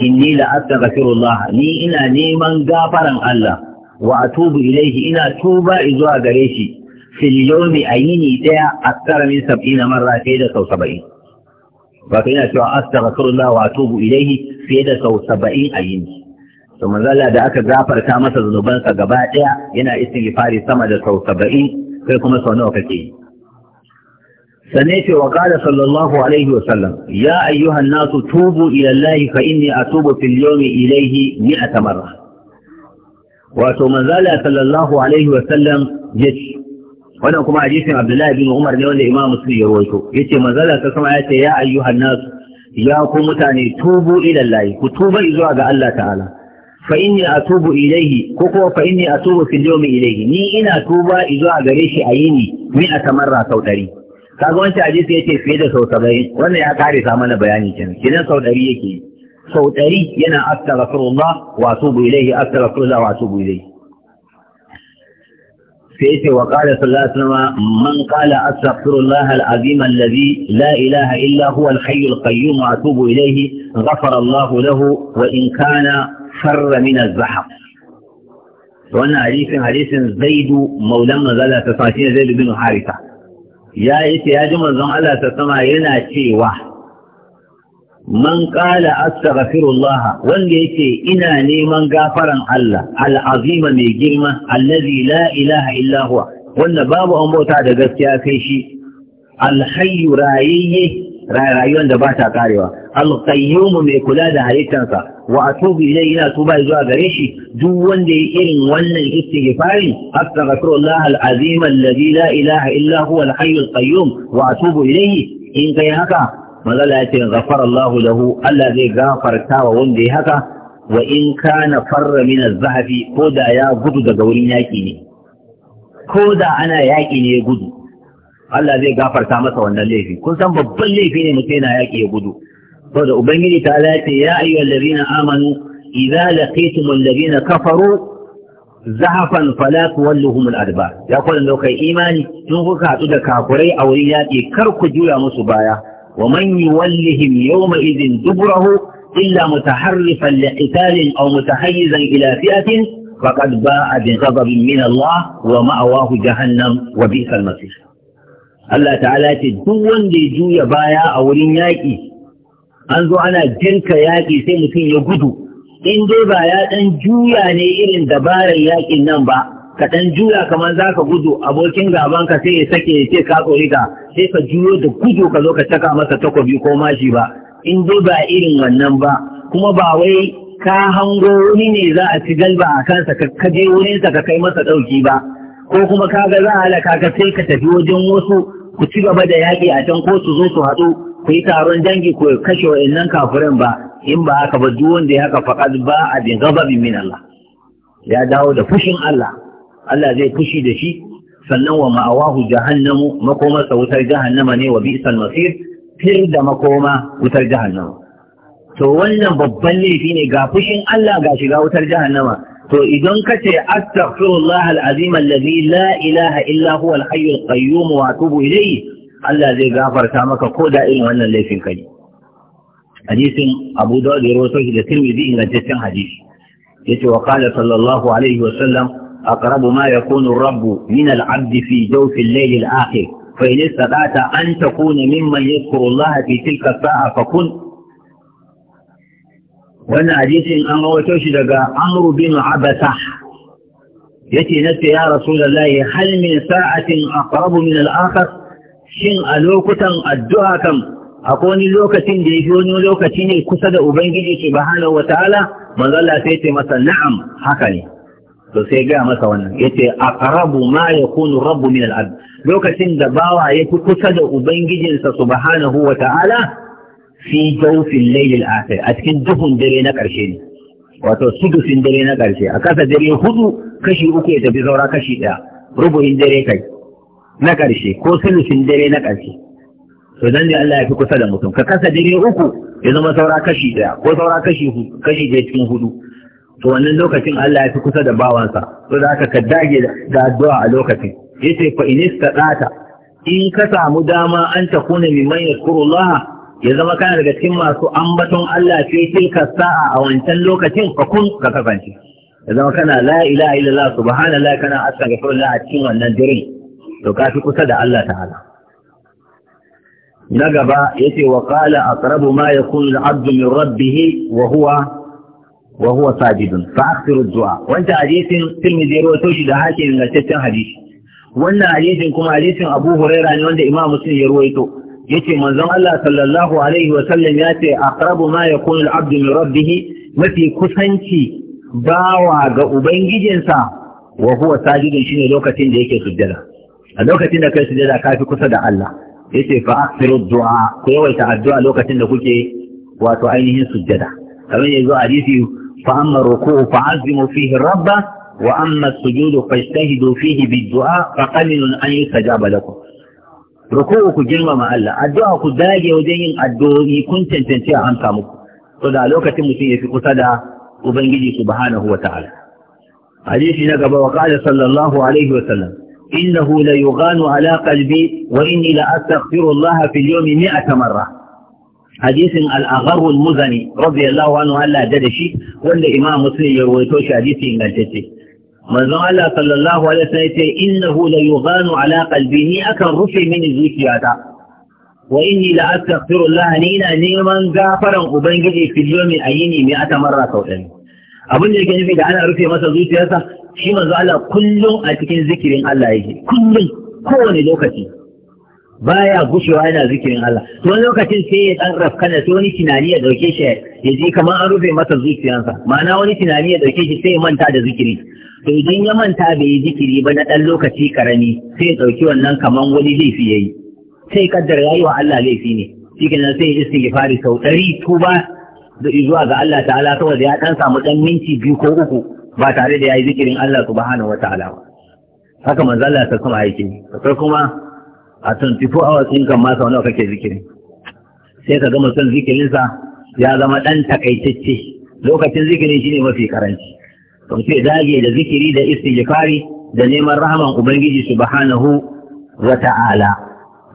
inni la astaghfirullah ni ina neman gafaran Allah wa atubu ilayhi ina tuba zuwa gare shi fil yawmi ayini daya akthar min 70 marra sai da sau 70 wato yana cewa astaghfirullah wa atubu ilaihi fiye da sau saba'in a yini to manzala da aka gafarta masa zunubansa gaba ɗaya yana istighfari sama da sau saba'in kai kuma sau nawa kake yi sannan ce wa qala sallallahu alaihi wa sallam ya ayyuhan nasu tubu ila Allah fa inni atubu fil yawmi ilaihi mi'ata marra wato manzala sallallahu alaihi wa sallam yace wannan kuma hadisin Abdullahi bin Umar ne wanda Imam Muslim ya rawaito yace manzala ta sama yace ya ayyuhan nas ya ku mutane tubu ila Allah ku tuba zuwa ga Allah ta'ala fa inni atubu ilayhi ko kuma fa inni atubu fil yawmi ilayhi ni ina tuba zuwa gare shi a yini a tamarra sau dari kaga wancan hadisi yace fiye da sau 70 wannan ya kare sa mana bayani kenan kenan sau dari yake sau dari yana astaghfirullah wa atubu ilayhi astaghfirullah wa atubu ilayhi sai yace wa qala sallallahu alaihi man qala astaghfirullah alazim la ilaha illahualhayyul huwa alhayyul ilaihi wa lahu wa inkana kana sharra min azhab wannan hadisin hadisin zaidu maulan mazala ta sashi bin harisa ya yace ya ji manzon Allah ta sama yana cewa man qala astaghfirullah wanda yake ina neman gafaran Allah al'azima mai girma allazi ilaha illa huwa wanda babu an bauta da gaskiya kai shi alhayyu rayayye rayuwar da ba ta karewa mai kula da halittarsa wa atubu ilai ina tuba zuwa gare shi duk wanda ya irin wannan istighfarin astaghfirullah alazim allazi la ilaha illa huwa alhayyul qayyum wa atubu ilayhi in kai haka mazala ya ce ghafarallahu lahu Allah zai gafarta wa wanda ya haka wa in kana farra min az-zahabi ko da ya gudu daga wurin yaki ne ko da ana yaki ne ya gudu Allah zai gafarta masa wannan laifi kun san babban laifi ne mutum yana yaki ya gudu saboda ubangiji ta Allah ya ce ya ayyuhal ladina amanu idza laqitum alladhina kafaru zahafan fala tuwalluhum al-adbar ya kwallo kai imani tun kuka hadu da kafurai a wurin yaki kar ku juya musu baya ومن يولهم يومئذ دبره إلا متحرفا لقتال أو متحيزا إلى فئة فقد باء بغضب من الله ومأواه جهنم وبئس المصير Allah ta'ala ce duk wanda ya juya baya a wurin yaƙi an zo ana girka yaƙi sai mutum ya gudu in ba ɗan juya ne irin dabarar yaƙin nan ba ka dan juya kamar za ka gudu abokin gaban ka sai ya sake ya ce ka tsori ka sai ka juyo da gudu ka zo ka caka masa takobi ko mashi ba in dai ba irin wannan ba kuma ba wai ka hango wani ne za a ci galba a kansa ka wurin wurinsa ka kai masa ɗauki ba ko kuma ka ga za a halaka ka sai ka tafi wajen wasu ku ci gaba da yaƙi a can ko su zo su haɗu ku yi taron dangi ku kashe wa'annan kafirin ba in ba haka ba duk wanda ya haka faƙad ba a bi gababin min Allah ya dawo da fushin Allah Allah zai fushi da shi sannan wa ma'awahu jahannamu makomarsa wutar jahannama ne wa bi'sal masir fir da makoma wutar jahannama to wannan babban laifi ne ga fushin Allah ga shiga wutar jahannama to idan ka ce astaghfirullah alazim allazi la ilaha illa huwa alhayy alqayyum wa atubu ilayhi Allah zai gafarta maka ko da irin wannan laifin kai hadisin Abu Dawud ya rawaito shi da Tirmidhi ingantaccen hadisi yace wa qala sallallahu alaihi wa sallam أقرب ما يكون الرب من العبد في جوف الليل الآخر فإن استطعت أن تكون ممن يذكر الله في تلك الساعة فكن wannan hadisin an rawaito shi daga Amr bin Abasa yace nace ya Rasulullahi hal min sa'atin aqrabu min al-akhar shin a lokutan addu'a kam akwai wani lokacin da yafi wani lokaci ne kusa da Ubangiji ke subhanahu wata manzo Allah sai ce masa na'am haka ne to sai ga masa wannan yace aqrabu ma yakunu rabbu min al-abd lokacin da bawa ya fi kusa da ubangijinsa subhanahu wa ta'ala fi al layl al-akhir a cikin duhun dare na karshe ne wato sudusin dare na karshe a kasa dare hudu kashi uku ya tafi saura kashi daya rubu'in dare kai na karshe ko sulusin dare na karshe to dan ne Allah ya fi kusa da mutum ka kasa dare uku ya zama saura kashi daya ko saura kashi kashi cikin hudu to wannan lokacin Allah ya fi kusa da bawansa to da haka ka dage da addu'a a lokacin yace fa in istata in ka samu dama an takuna mimman yadhkurullah ya zama kana daga cikin masu ambaton Allah fi tilka sa'a a wancan lokacin fa kun ka kasance ya zama kana la ilaha illallah subhanallah kana astaghfirullah a cikin wannan dare to ka fi kusa da Allah ta'ala na gaba yace wa qala aqrabu ma yakunu al-'abdu min rabbih wa huwa wa huwa sajidun fa aksiru du'a wanda hadisin tirmidhi rawaito shi da hakim ingantaccen hadisi wannan hadisin kuma hadisin abu huraira ne wanda imam muslim ya rawaito yace manzon Allah sallallahu alaihi wa sallam ya ce aqrabu ma yakunu al-abdu min rabbih mafi kusanci bawa ga ubangijinsa wa huwa sajidun shine lokacin da yake sujjada a lokacin da kai sujjada kafi kusa da Allah Ya ce, aksiru du'a ku yawaita addu'a lokacin da kuke wato ainihin sujjada kamar yanzu hadisi فأما الركوع فعزموا فيه الرب وأما السجود فاجتهدوا فيه بالدعاء فقليل أن يستجاب لكم ركوع كجلمة مع الله الدعاء كداجي وجين الدعاء كنت تنتهي عن سامك فذا لوكة مسيح في قصدى وبنجي سبحانه وتعالى حديث نقب وقال صلى الله عليه وسلم إنه ليغان على قلبي وإني لأستغفر الله في اليوم مئة مرة hadisin al-agharu al-muzani radiyallahu Allah da shi wanda imam muslim ya rawaito shi hadisi ingantacce manzon Allah sallallahu alaihi wasallam yace innahu la yughanu ala qalbi akan rufe mini zuciyata wa inni la astaghfiru Allah ni ina neman gafaran ubangiji fil yawmi ayini mi ata marra abin da yake nufi da ana rufe masa zuciyarsa shi manzo Allah kullum a cikin zikirin Allah yake kullum kowane lokaci baya gushewa yana zikirin Allah to wani lokacin sai ya dan rafkana sai wani tunani ya dauke shi ya ji kamar an rufe masa zuciyarsa ma'ana wani tunani ya dauke shi sai ya manta da zikiri to idan ya manta bai yi zikiri ba na dan lokaci karami sai ya dauki wannan kamar wani laifi yayi sai kaddar yayi wa Allah laifi ne shikenan sai ya fari sau ɗari tuba da zuwa ga Allah ta'ala saboda ya dan samu dan minti biyu ko uku ba tare da yayi zikirin Allah subhanahu ta'ala ba haka manzo Allah ta kuma yake kuma a 24 hours in kan masa wani kake zikiri sai ka gama son zikirinsa ya zama ɗan takaitacce lokacin zikiri shine mafi karanci to sai dage da zikiri da istighfari da neman rahaman ubangiji subhanahu wa ta'ala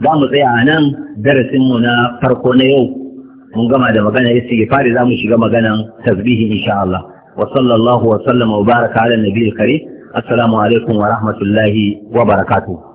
za mu tsaya a nan darasin mu na farko na yau mun gama da magana istighfari za mu shiga maganan tasbihi insha Allah wa sallallahu wa sallama wa baraka ala nabiyil karim assalamu alaikum wa rahmatullahi wa barakatuh